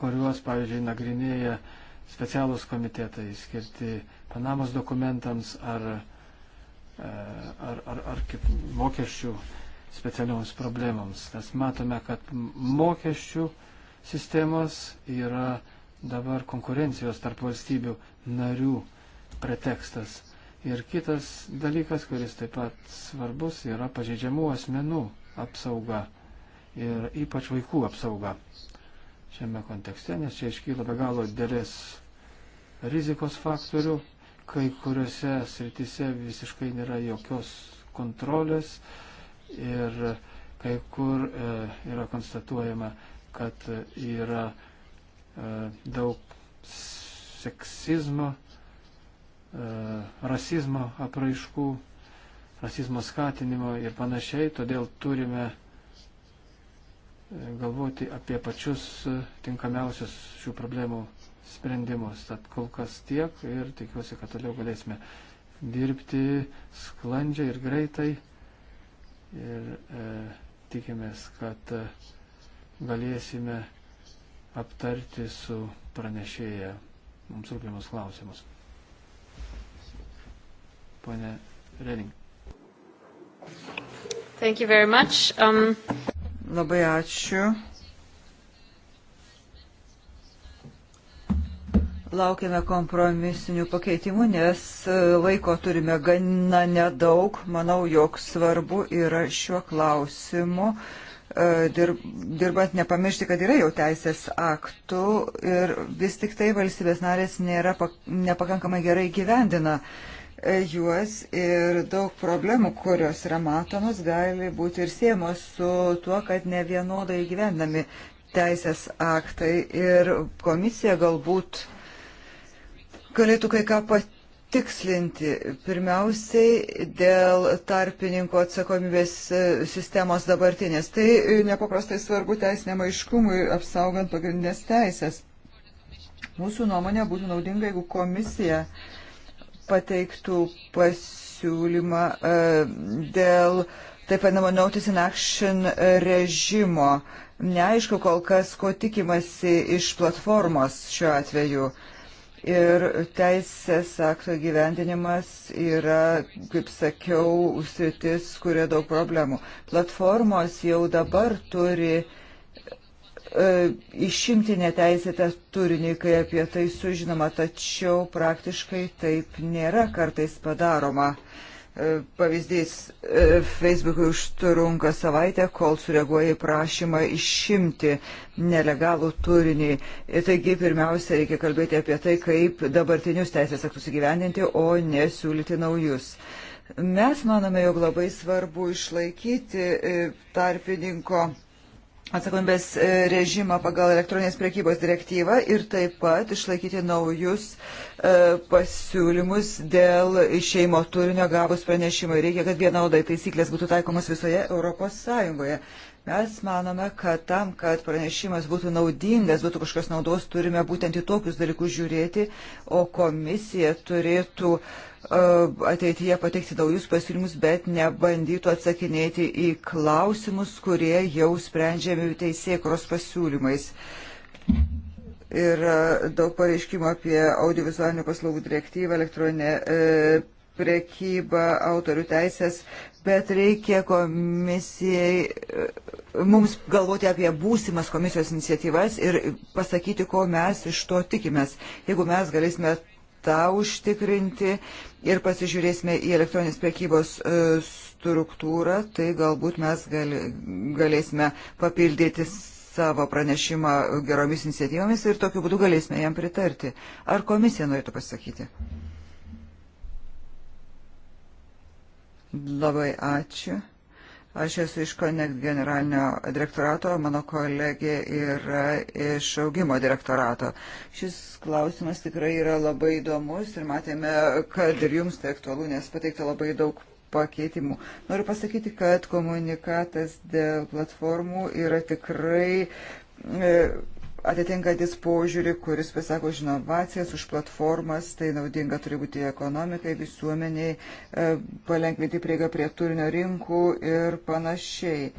kuriuos, pavyzdžiui, nagrinėja specialūs komitetai skirti Panamos dokumentams ar, e, ar, ar, ar kaip mokesčių specialioms problemams. Nes matome, kad mokesčių sistemos yra dabar konkurencijos tarp valstybių narių pretekstas. Ir kitas dalykas, kuris taip pat svarbus, yra pažeidžiamų asmenų apsauga ir ypač vaikų apsauga šiame kontekste, nes čia iškyla be galo dėlės rizikos faktorių, kai kuriuose sritise visiškai nėra jokios kontrolės ir kai kur e, yra konstatuojama kad yra e, daug seksizmo, e, rasizmo apraiškų, rasizmo skatinimo ir panašiai, todėl turime e, galvoti apie pačius tinkamiausius šių problemų sprendimus. Tad kol kas tiek ir tikiuosi, kad toliau galėsime dirbti sklandžiai ir greitai. Ir e, tikimės, kad e, galėsime aptarti su pranešėja mums rūpimus klausimus. Pone Reding. Thank you very much. Um... Labai ačiū. Laukiame kompromisinių pakeitimų, nes e, laiko turime gana nedaug. Manau, jog svarbu yra šiuo klausimu uh, E, dirbant nepamiršti, kad yra jau teisės aktų ir vis tik tai valstybės narės nėra, nepakankamai gerai gyvendina e, juos ir daug problemų, kurios yra matomos, gali būti ir siemos su tuo, kad ne vienodai gyvendami teisės aktai ir komisija galbūt galėtų kai ką pat patikslinti. Pirmiausiai dėl tarpininko atsakomybės e, sistemos dabartinės. Tai e, nepaprastai svarbu teisiniam aiškumui apsaugant pagrindinės teisės. Mūsų nuomonė būtų naudinga, jeigu komisija pateiktų pasiūlymą e, dėl taip vadinamo notice in action režimo. Neaišku kol kas, ko tikimasi iš platformos šiuo atveju. Uh, Ir teisės akto gyvendinimas yra, kaip sakiau, sritis, kuria daug problemų. Platformos jau dabar turi e, išimti neteisėtą turinį, kai apie tai sužinoma, tačiau praktiškai taip nėra kartais padaroma. E, E, pavyzdys, e, Facebook'ui užtrunka savaitę, kol sureaguoja į prašymą išimti nelegalų turinį. Ir e, taigi pirmiausia, reikia kalbėti apie tai, kaip dabartinius teisės aktus įgyvendinti, o nesiūlyti naujus. Mes manome, jog labai svarbu išlaikyti tarpininko atsakomybės e, režimą pagal elektroninės priekybos direktyvą ir taip pat išlaikyti naujus e, pasiūlymus dėl šeimo turinio gavus pranešimą. Reikia, kad vienodai taisyklės būtų taikomos visoje Europos Sąjungoje. Mes manome, kad tam, kad pranešimas būtų naudingas, būtų kažkokios naudos, turime būtent į tokius dalykus žiūrėti, o komisija turėtų uh, E, ateityje pateikti naujus pasiūlymus, bet nebandytų atsakinėti į klausimus, kurie jau sprendžiami teisėkros pasiūlymais. Ir e, daug pareiškimų apie audiovizualinių paslaugų direktyvą, elektroninę e, prekybą, autorių teisės, bet reikia komisijai, e, mums galvoti apie būsimas komisijos iniciatyvas ir pasakyti, ko mes iš to tikimės. Jeigu mes galėsime tą užtikrinti ir pasižiūrėsime į elektroninės prekybos e, struktūrą, tai galbūt mes gali, galėsime papildyti savo pranešimą geromis iniciatyvomis ir tokiu būdu galėsime jam pritarti. Ar komisija norėtų pasakyti? Labai ačiū. Aš esu iš Connect generalinio direktorato, mano kolegė yra iš augimo direktorato. Šis klausimas tikrai yra labai įdomus ir matėme, kad ir jums tai aktualu, nes pateikta labai daug pakeitimų. Noriu pasakyti, kad komunikatas dėl platformų yra tikrai. E, atitinkantis požiūrį, kuris pasako už inovacijas, už platformas, tai naudinga turi būti ekonomikai, visuomeniai, e, palengvinti prieigą prie turinio rinkų ir panašiai.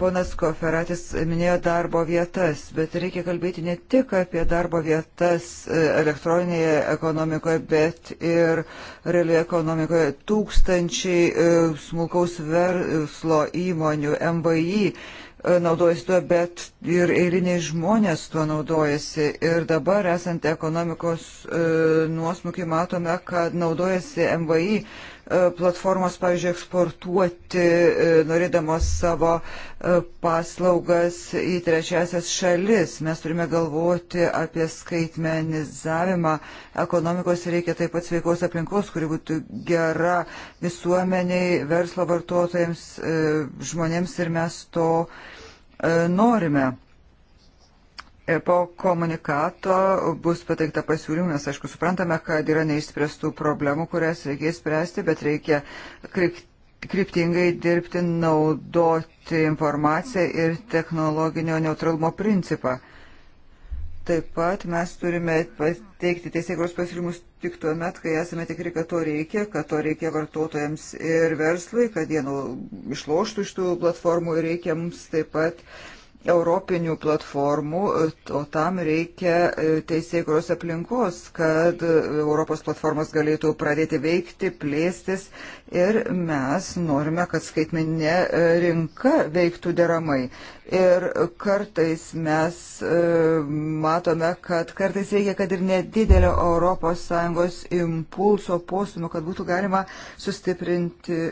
Ponas Koferatis minėjo darbo vietas, bet reikia kalbėti ne tik apie darbo vietas e, elektroninėje ekonomikoje, bet ir realioje ekonomikoje. Tūkstančiai e, smulkaus verslo įmonių, MVI E, naudojasi tuo, bet ir eiliniai žmonės tuo naudojasi. Ir dabar esant ekonomikos e, nuosmukį matome, kad naudojasi MVI E, platformos, pavyzdžiui, eksportuoti, e, norėdamos savo e, paslaugas į trečiasias šalis. Mes turime galvoti apie skaitmenizavimą ekonomikos ir reikia taip pat sveikos aplinkos, kuri būtų gera visuomeniai, verslo vartotojams, žmonėms ir mes to norime. E, po komunikato bus pateikta pasiūlymas, aišku, suprantame, kad yra neišspręstų problemų, kurias reikės spręsti, bet reikia kryptingai dirbti, naudoti informaciją ir technologinio neutralumo principą. Taip pat mes turime pateikti teisėkros pasiūlymus tik tuo met, kai esame tikri, kad to reikia, kad to reikia vartotojams ir verslui, kad jie išloštų iš tų platformų ir reikia mums taip pat uh, europinių platformų, o tam reikia e, teisėkuros aplinkos, kad Europos platformos galėtų pradėti veikti, plėstis ir mes norime, kad skaitmeninė e, rinka veiktų deramai. Ir kartais mes e, matome, kad kartais reikia, kad ir nedidelio ES impulso postumio, kad būtų galima sustiprinti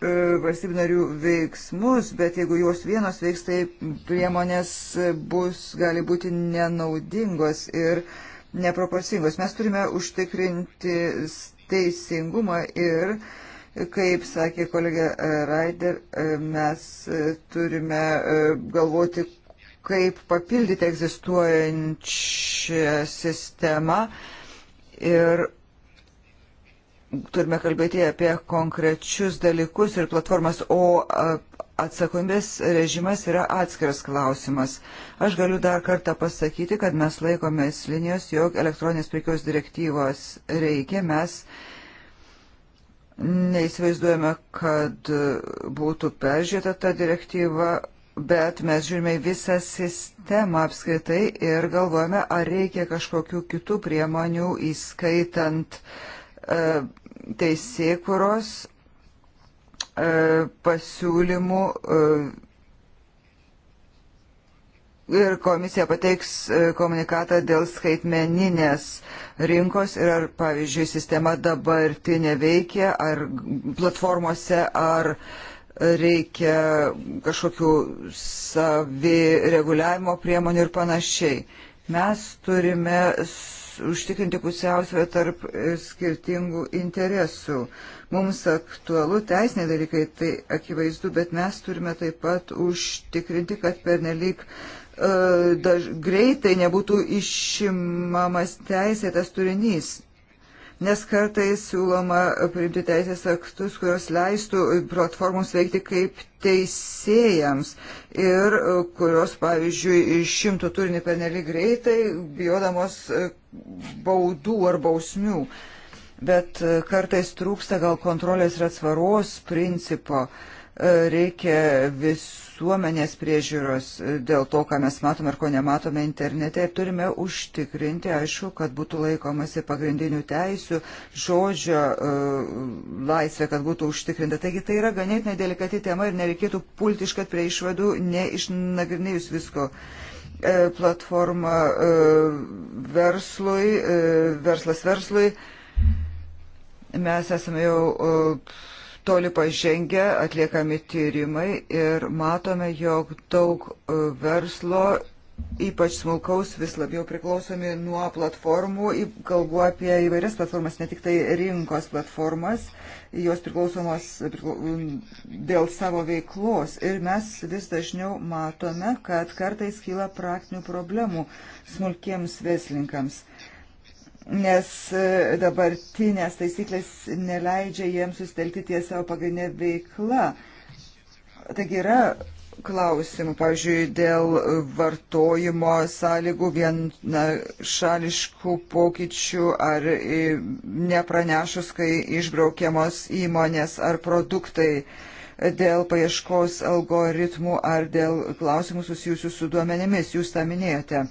E, valstybių narių veiksmus, bet jeigu jos vienos veiks, tai priemonės bus, gali būti nenaudingos ir neproporcingos. Mes turime užtikrinti teisingumą ir, kaip sakė kolegė Raider, e, mes turime e, galvoti, kaip papildyti egzistuojančią sistemą ir turime kalbėti apie konkrečius dalykus ir platformas, o atsakomybės režimas yra atskiras klausimas. Aš galiu dar kartą pasakyti, kad mes laikomės linijos, jog elektroninės prekios direktyvos reikia, mes neįsivaizduojame, kad būtų peržiūrėta ta direktyva, bet mes žiūrime visą sistemą apskritai ir galvojame, ar reikia kažkokių kitų priemonių, įskaitant uh, E, teisėkuros e, pasiūlymų e, ir komisija pateiks komunikatą dėl skaitmeninės rinkos ir ar, pavyzdžiui, sistema dabartinė veikia, ar platformose, ar reikia kažkokių savireguliavimo priemonių ir panašiai. Mes turime su užtikrinti pusiausvę tarp e, skirtingų interesų. Mums aktualu teisiniai dalykai, tai akivaizdu, bet mes turime taip pat užtikrinti, kad pernelyg e, daž, greitai nebūtų išimamas teisėtas turinys nes kartais siūloma priimti teisės aktus, kurios leistų platformoms veikti kaip teisėjams ir e, kurios, pavyzdžiui, išimtų turinį pernelyg greitai, bijodamos e, baudų ar bausmių. Bet e, kartais trūksta gal kontrolės ir atsvaros principo. Reikia visų visuomenės priežiūros e, dėl to, ką mes matome ar ko nematome internete. Ir turime užtikrinti, aišku, kad būtų laikomasi pagrindinių teisių, žodžio e, laisvė, kad būtų užtikrinta. Taigi tai yra ganėtinai delikati tema ir nereikėtų pulti iškart prie išvadų, neišnagrinėjus visko e, platforma verslui, verslas verslui. Mes esame jau toli pažengę, atliekami tyrimai ir matome, jog daug e, verslo, ypač smulkaus, vis labiau priklausomi nuo platformų. Kalbu apie įvairias platformas, ne tik tai rinkos platformas, jos priklausomos dėl savo veiklos. Ir mes vis dažniau matome, kad kartais kyla praktinių problemų smulkiems veslinkams nes e, dabartinės taisyklės neleidžia jiems sustelkti ties savo pagrindinę veiklą. Taigi yra klausimų, pavyzdžiui, dėl vartojimo sąlygų vienašališkų pokyčių ar e, nepranešus, kai išbraukiamos įmonės ar produktai dėl paieškos algoritmų ar dėl klausimų susijusių su duomenimis. Jūs tą minėjote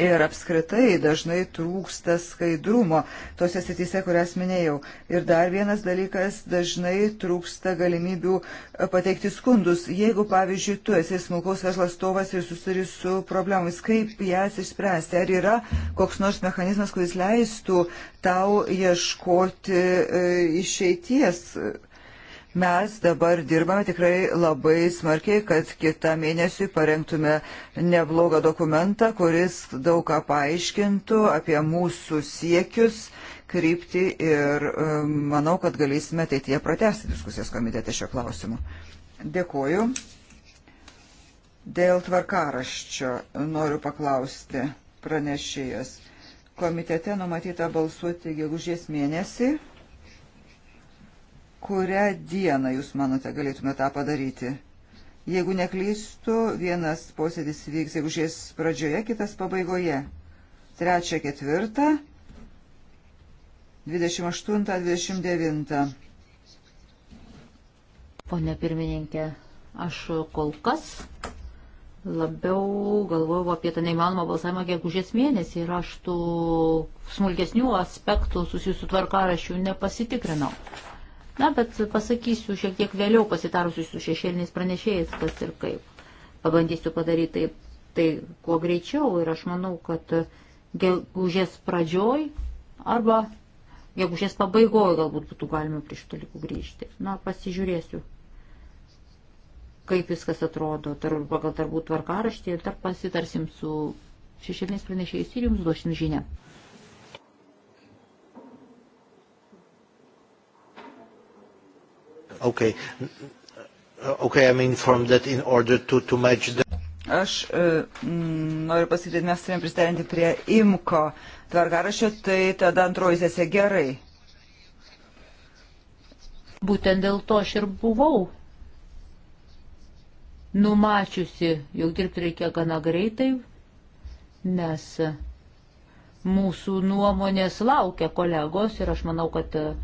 ir apskritai dažnai trūksta skaidrumo tose srityse, kurias minėjau. Ir dar vienas dalykas, dažnai trūksta galimybių e, pateikti skundus. Jeigu, pavyzdžiui, tu esi smulkaus verslo atstovas ir susituri su problemais, kaip jas išspręsti? Ar yra koks nors mechanizmas, kuris leistų tau ieškoti e, išeities? Mes dabar dirbame tikrai labai smarkiai, kad kitą mėnesį parengtume neblogą dokumentą, kuris daug ką paaiškintų apie mūsų siekius, kryptį ir e, manau, kad galėsime ateityje pratesti diskusijas komitete šio klausimu. Dėkuoju. Dėl tvarkaraščio noriu paklausti pranešėjas. Komitete numatyta balsuoti gegužės mėnesį kurią dieną jūs manote galėtume tą padaryti? Jeigu neklystu, vienas posėdis vyks gegužės pradžioje, kitas pabaigoje. Trečią, ketvirtą, 28, 29. Pone pirmininkė, aš kol kas labiau galvojau apie tą neįmanomą balsavimą gegužės mėnesį ir aš tų smulkesnių aspektų susijusių tvarkarašių nepasitikrinau. Na, bet pasakysiu šiek tiek vėliau pasitarusiu su šešėliniais pranešėjais, kas ir kaip. Pabandysiu padaryti tai, tai kuo greičiau ir aš manau, kad gegužės pradžioj arba gegužės pabaigoje galbūt būtų galima prie šitų dalykų grįžti. Na, pasižiūrėsiu, kaip viskas atrodo, tar, pagal tarbūt tvarkaraštį ir tarp pasitarsim su šešėliniais pranešėjais ir jums duosim žinią. Okay. Uh, okay, I'm informed that in order to, to match the... Aš e, mm, noriu pasakyti, mes turime pristarinti prie IMKO tvarkarašio, tai tada antroji sesija gerai. Būtent dėl to aš ir buvau numačiusi, jog dirbti reikia gana greitai, nes mūsų nuomonės laukia kolegos ir aš manau, kad e,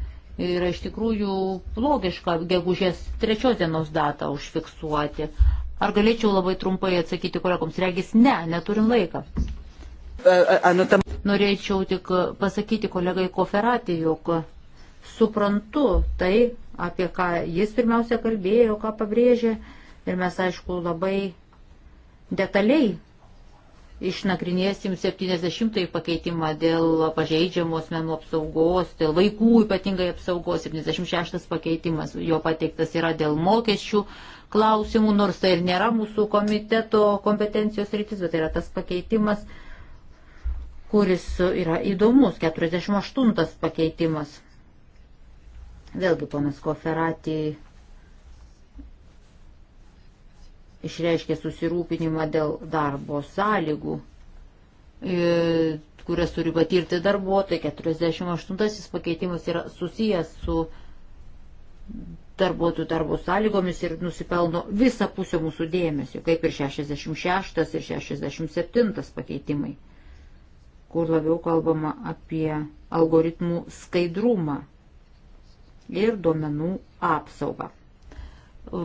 yra iš tikrųjų logiška gegužės trečios dienos datą užfiksuoti. Ar galėčiau labai trumpai atsakyti kolegoms? Regis, ne, neturim laiką. Nu, Norėčiau tik pasakyti kolegai Koferatį, jog suprantu tai, apie ką jis pirmiausia kalbėjo, ką pabrėžė. Ir mes, aišku, labai detaliai išnagrinėsim 70-ąjį pakeitimą dėl pažeidžiamos menų apsaugos, dėl vaikų ypatingai apsaugos, 76-as pakeitimas jo pateiktas yra dėl mokesčių klausimų, nors tai ir nėra mūsų komiteto kompetencijos rytis, bet tai yra tas pakeitimas, kuris yra įdomus, 48-as pakeitimas. Vėlgi, ponas Koferatį išreiškė susirūpinimą dėl darbo sąlygų, e, kurias turi patirti darbuotojai. 48 pakeitimas yra susijęs su darbuotojų darbo sąlygomis ir nusipelno visą pusę mūsų dėmesio, kaip ir 66 ir 67 pakeitimai, kur labiau kalbama apie algoritmų skaidrumą ir duomenų apsaugą.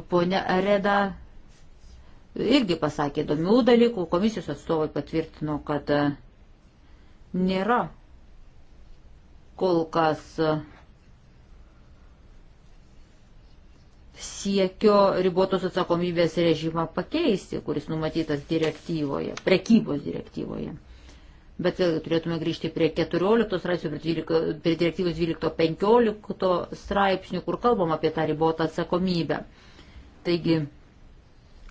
Pone Reda irgi pasakė įdomių dalykų, komisijos atstovai patvirtino, kad e, nėra kol kas e, siekio ribotos atsakomybės režimą pakeisti, kuris numatytas direktyvoje, prekybos direktyvoje. Bet vėlgi turėtume grįžti prie 14 straipsnių, prie, 12, prie direktyvos 12-15 straipsnių, kur kalbam apie tą ribotą atsakomybę. Taigi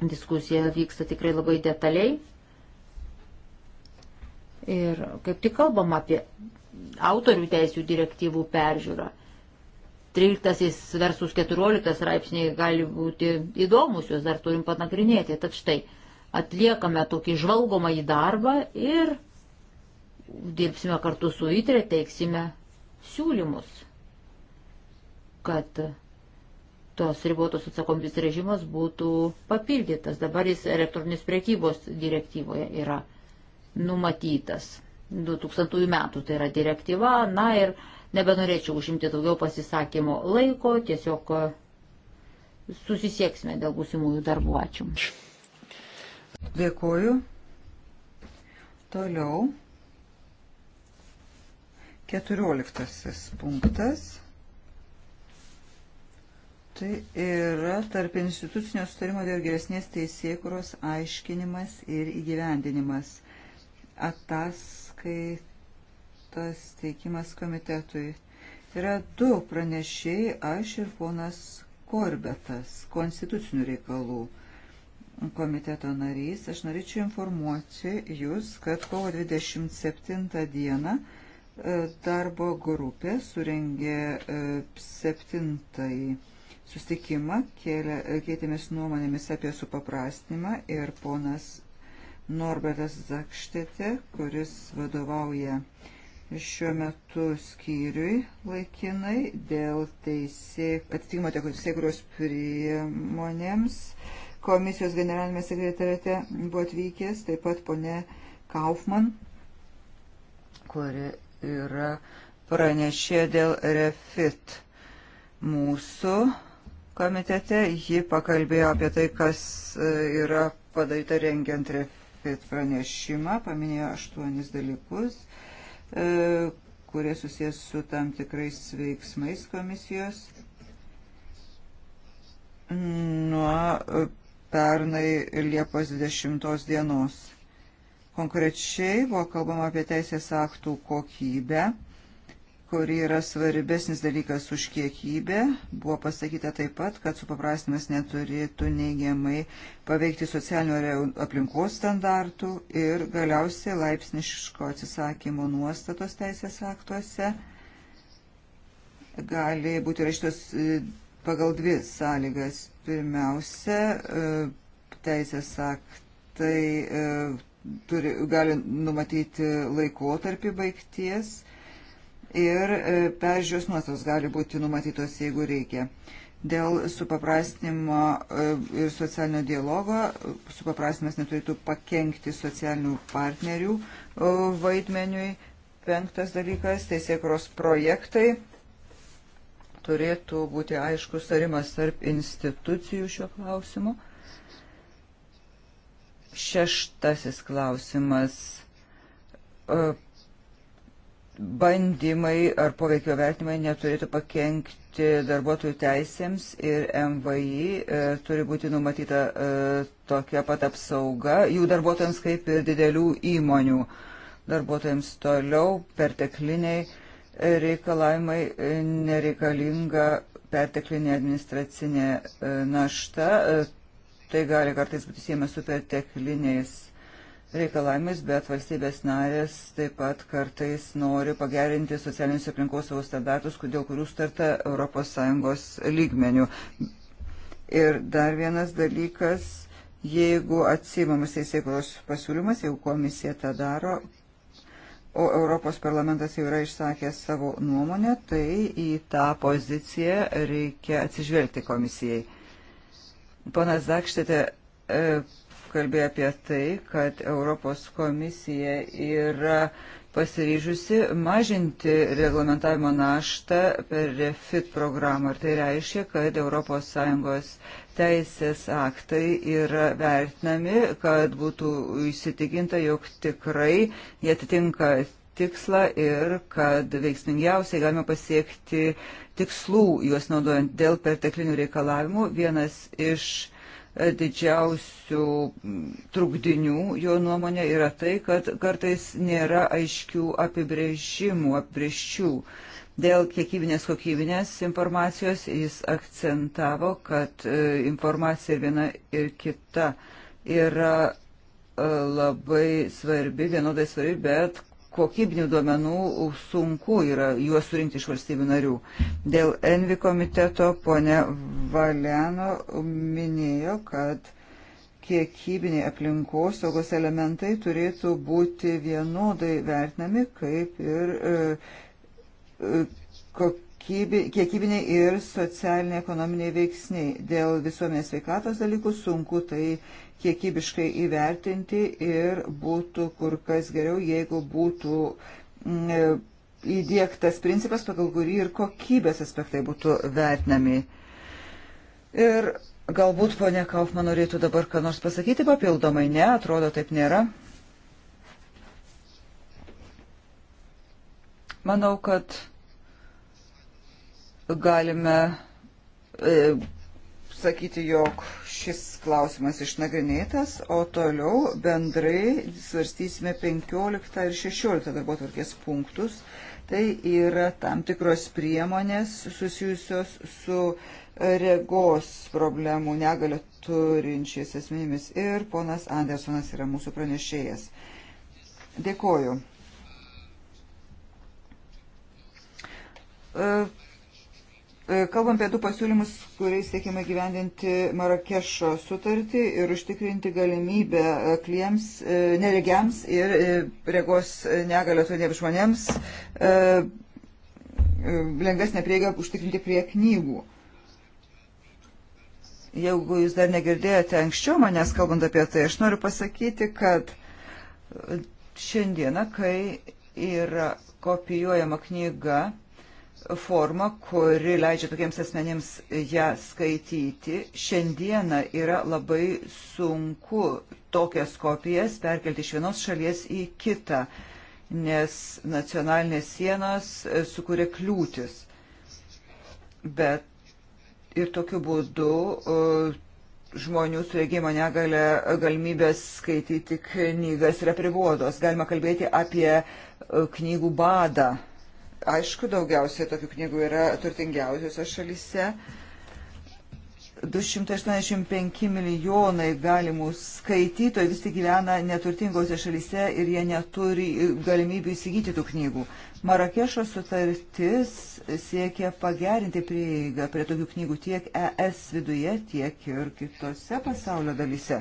Diskusija vyksta tikrai labai detaliai. Ir kaip tik kalbam apie autorių teisų direktyvų peržiūrą. 13 versus 14 straipsniai gali būti įdomus, juos dar turim panagrinėti. Tad štai, atliekame tokį žvalgomą į darbą ir dirbsime kartu su įtrė, teiksime siūlymus, kad tos ribotos atsakomybės režimas būtų papildytas. Dabar jis elektroninės priekybos direktyvoje yra numatytas. 2000 metų tai yra direktyva. Na ir nebenorėčiau užimti daugiau pasisakymo laiko, tiesiog susisieksime dėl būsimųjų darbų. Ačiū. Dėkuoju. Toliau. Keturioliktasis punktas. Tai yra tarp institucinio sutarimo dėl geresnės teisėkuros aiškinimas ir įgyvendinimas. Ataskaitas teikimas komitetui. Yra du pranešėjai, aš ir ponas Korbetas, konstitucinių reikalų komiteto narys. Aš norėčiau informuoti Jūs, kad kovo 27 dieną e, darbo grupė surengė e, septintai sustikimą, keitėmės nuomonėmis apie supaprastinimą ir ponas Norbertas Zakštetė, kuris vadovauja šiuo metu skyriui laikinai dėl teisė, atitinkamo teisėkuros priemonėms. Komisijos generalinėme sekretarėte buvo atvykęs taip pat ponė Kaufman, kuri yra pranešė dėl refit mūsų komitete. Ji pakalbėjo apie tai, kas e, yra padaryta rengiant refit pranešimą, paminėjo aštuonis dalykus, e, kurie susijęs su tam tikrais veiksmais komisijos. Nuo e, pernai Liepos 20 dienos. Konkrečiai buvo kalbama apie teisės aktų kokybę kuri yra svarbesnis dalykas už kiekybę. Buvo pasakyta taip pat, kad supaprastinimas neturėtų neigiamai paveikti socialinio ir aplinkos standartų ir galiausiai laipsniško atsisakymo nuostatos teisės aktuose gali būti rašytos e, pagal dvi sąlygas. Pirmiausia, e, teisės aktai e, turi, gali numatyti laikotarpį baigties ir e, peržiūros nuostatos gali būti numatytos, jeigu reikia. Dėl supaprastinimo e, ir socialinio dialogo, supaprastinimas neturėtų pakengti socialinių partnerių vaidmeniui. Penktas dalykas - teisėkros projektai. Turėtų būti aiškus tarimas tarp institucijų šiuo klausimu. Šeštasis klausimas e, bandymai ar poveikio vertinimai neturėtų pakenkti darbuotojų teisėms ir MVI e, turi būti numatyta e, tokia pat apsauga jų darbuotojams kaip ir didelių įmonių darbuotojams toliau pertekliniai e, reikalavimai e, nereikalinga perteklinė administracinė e, našta. Tai gali kartais būti siejama su pertekliniais reikalavimais, bet valstybės narės taip pat kartais nori pagerinti socialinius aplinkos savo standartus, dėl kurių starta ES lygmenių. Ir dar vienas dalykas, jeigu atsimamas teisėkuros pasiūlymas, jeigu komisija tą daro, o Europos parlamentas jau yra išsakęs savo nuomonę, tai į tą poziciją reikia atsižvelgti komisijai. Ponas Zakštėte e, kalbėjo apie tai, kad Europos komisija yra pasiryžusi mažinti reglamentavimo naštą per FIT programą. Ir tai reiškia, kad ES teisės aktai yra vertinami, kad būtų įsitikinta, jog tikrai jie atitinka tikslą ir kad veiksmingiausiai galima pasiekti tikslų juos naudojant dėl perteklinių reikalavimų. Vienas iš didžiausių trukdinių, jo nuomonė yra tai, kad kartais nėra aiškių apibrėžimų, apibrėžčių. Dėl kiekybinės kokybinės informacijos jis akcentavo, kad e, informacija ir viena ir kita yra e, labai svarbi, vienodai svarbi, bet kokybinių duomenų sunku yra juos surinkti iš valstybių narių. Dėl Envi komiteto ponė Valeno minėjo, kad kiekybiniai aplinkos saugos elementai turėtų būti vienodai vertinami kaip ir e, e, kiekybiniai ir socialiniai ekonominiai veiksniai. Dėl visuomenės veikatos dalykų sunku tai kiekybiškai įvertinti ir būtų kur kas geriau, jeigu būtų mm, e, įdėktas principas, pagal kurį ir kokybės aspektai būtų vertinami. Ir galbūt ponia Kaufman norėtų dabar ką nors pasakyti papildomai, ne, atrodo taip nėra. Manau, kad galime e, sakyti, jog šis klausimas išnagrinėtas, o toliau bendrai svarstysime 15 ir 16 darbo tvarkės punktus. Tai yra tam tikros priemonės susijusios su regos problemų negalio turinčiais asmenimis. Ir ponas Andersonas yra mūsų pranešėjas. Dėkoju. Uh, E, kalbam apie du pasiūlymus, kuriais siekime gyvendinti Marakešo sutartį ir užtikrinti galimybę akliems, e, e, neregiams ir regos negalio turintiems žmonėms lengvesnę prieigą užtikrinti prie knygų. Jeigu jūs dar negirdėjote anksčiau manęs kalbant apie tai, aš noriu pasakyti, kad šiandieną, kai yra kopijuojama knyga, forma, kuri leidžia tokiems asmenėms ją skaityti. Šiandieną yra labai sunku tokias kopijas perkelti iš vienos šalies į kitą, nes nacionalinės sienos e, sukuria kliūtis. Bet ir tokiu būdu e, žmonių su regėjimo negale galimybės skaityti knygas yra privuodos. Galima kalbėti apie e, knygų badą Aišku, daugiausiai tokių knygų yra turtingiausiose šalyse. 285 milijonai galimų skaitytojų vis tik gyvena neturtingose šalyse ir jie neturi galimybių įsigyti tų knygų. Marakešo sutartis siekia pagerinti prieigą prie tokių knygų tiek ES viduje, tiek ir kitose pasaulio dalyse.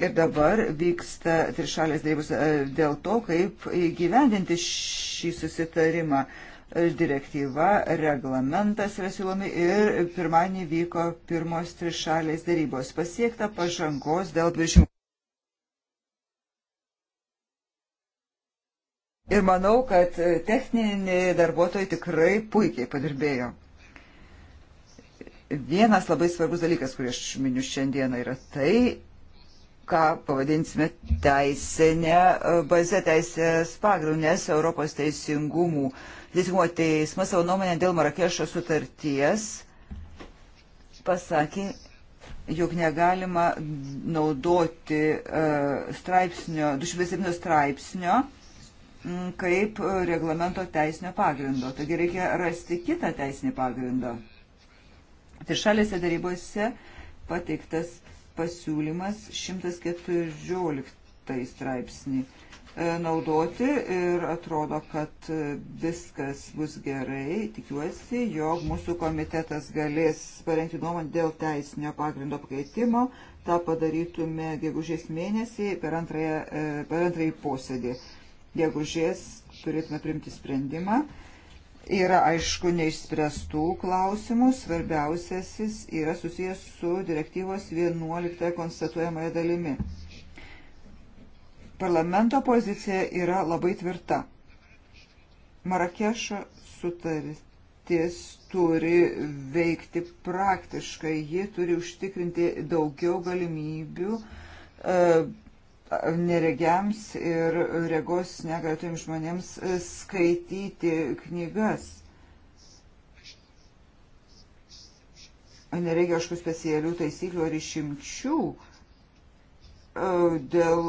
Ir dabar vyksta trišalės dėrybos e, dėl to, kaip įgyvendinti šį susitarimą. E, Direktyva, reglamentas yra siūlomi ir pirmąjį vyko pirmos trišalės dėrybos. Pasiekta pažangos dėl 20. Ir manau, kad techniniai darbuotojai tikrai puikiai padirbėjo. Vienas labai svarbus dalykas, kurį aš miniu šiandieną, yra tai, ką pavadinsime teisinę e, bazę teisės pagrindinės Europos teisingumų. Teisingumo teismas savo nuomonę dėl Marakešo sutarties pasakė, jog negalima naudoti e, straipsnio, 207 straipsnio kaip e, reglamento teisinio pagrindo. Taigi reikia rasti kitą teisinį pagrindą. Trišalėse darybose pateiktas pasiūlymas 114 straipsnį e, naudoti ir atrodo, kad e, viskas bus gerai. Tikiuosi, jog mūsų komitetas galės parengti nuomonę dėl teisinio pagrindo pakeitimo. Ta padarytume gegužės mėnesį per, antrąją, e, per antrąjį posėdį. Gegužės turėtume primti sprendimą. Yra, aišku, neišspręstų klausimų, svarbiausiasis yra susijęs su direktyvos 11 konstatuojamoje dalimi. Parlamento pozicija yra labai tvirta. Marakešo sutartis turi veikti praktiškai, ji turi užtikrinti daugiau galimybių e, neregiams ir regos negalėtojams žmonėms skaityti knygas. Nereikia kažkokių specialių taisyklių ar išimčių, e, dėl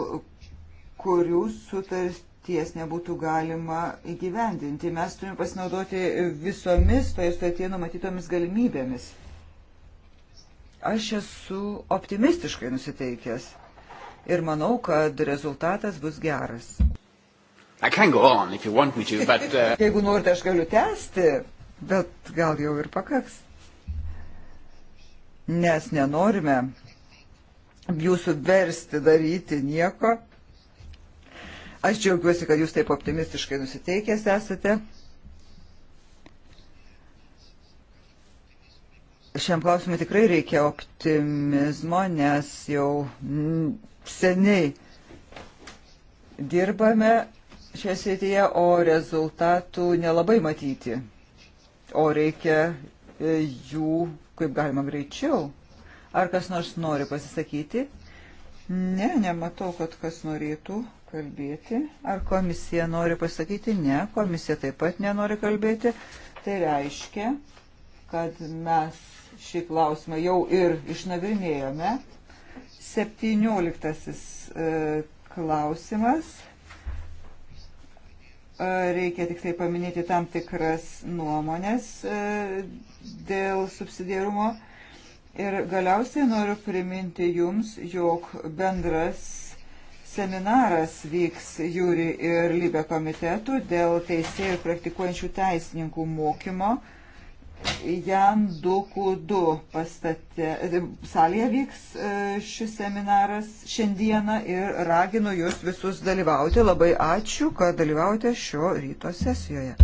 kurių sutarties nebūtų galima įgyvendinti. Mes turime pasinaudoti visomis toje sutartyje numatytomis galimybėmis. Aš esu optimistiškai nusiteikęs ir manau, kad rezultatas bus geras. On, to, but, uh... Jeigu norite, aš galiu tęsti, bet gal jau ir pakaks. Nes nenorime jūsų versti daryti nieko. Aš džiaugiuosi, kad jūs taip optimistiškai nusiteikęs esate. Šiam klausimui tikrai reikia optimizmo, nes jau seniai dirbame šioje srityje, o rezultatų nelabai matyti. O reikia e, jų kaip galima greičiau. Ar kas nors nori pasisakyti? Ne, nematau, kad kas norėtų kalbėti. Ar komisija nori pasakyti? Ne, komisija taip pat nenori kalbėti. Tai reiškia, kad mes šį klausimą jau ir išnagrinėjome Septynioliktasis e, klausimas. E, reikia tik tai paminėti tam tikras nuomonės e, dėl subsidiarumo. Ir galiausiai noriu priminti Jums, jog bendras seminaras vyks Jūri ir Lybė komitetų dėl teisėjų ir praktikuojančių teisininkų mokymo. Jan 2Q2 pastate, e, salėje vyks e, šis seminaras šiandieną ir raginu jūs visus dalyvauti. Labai ačiū, kad dalyvaujate šio ryto sesijoje.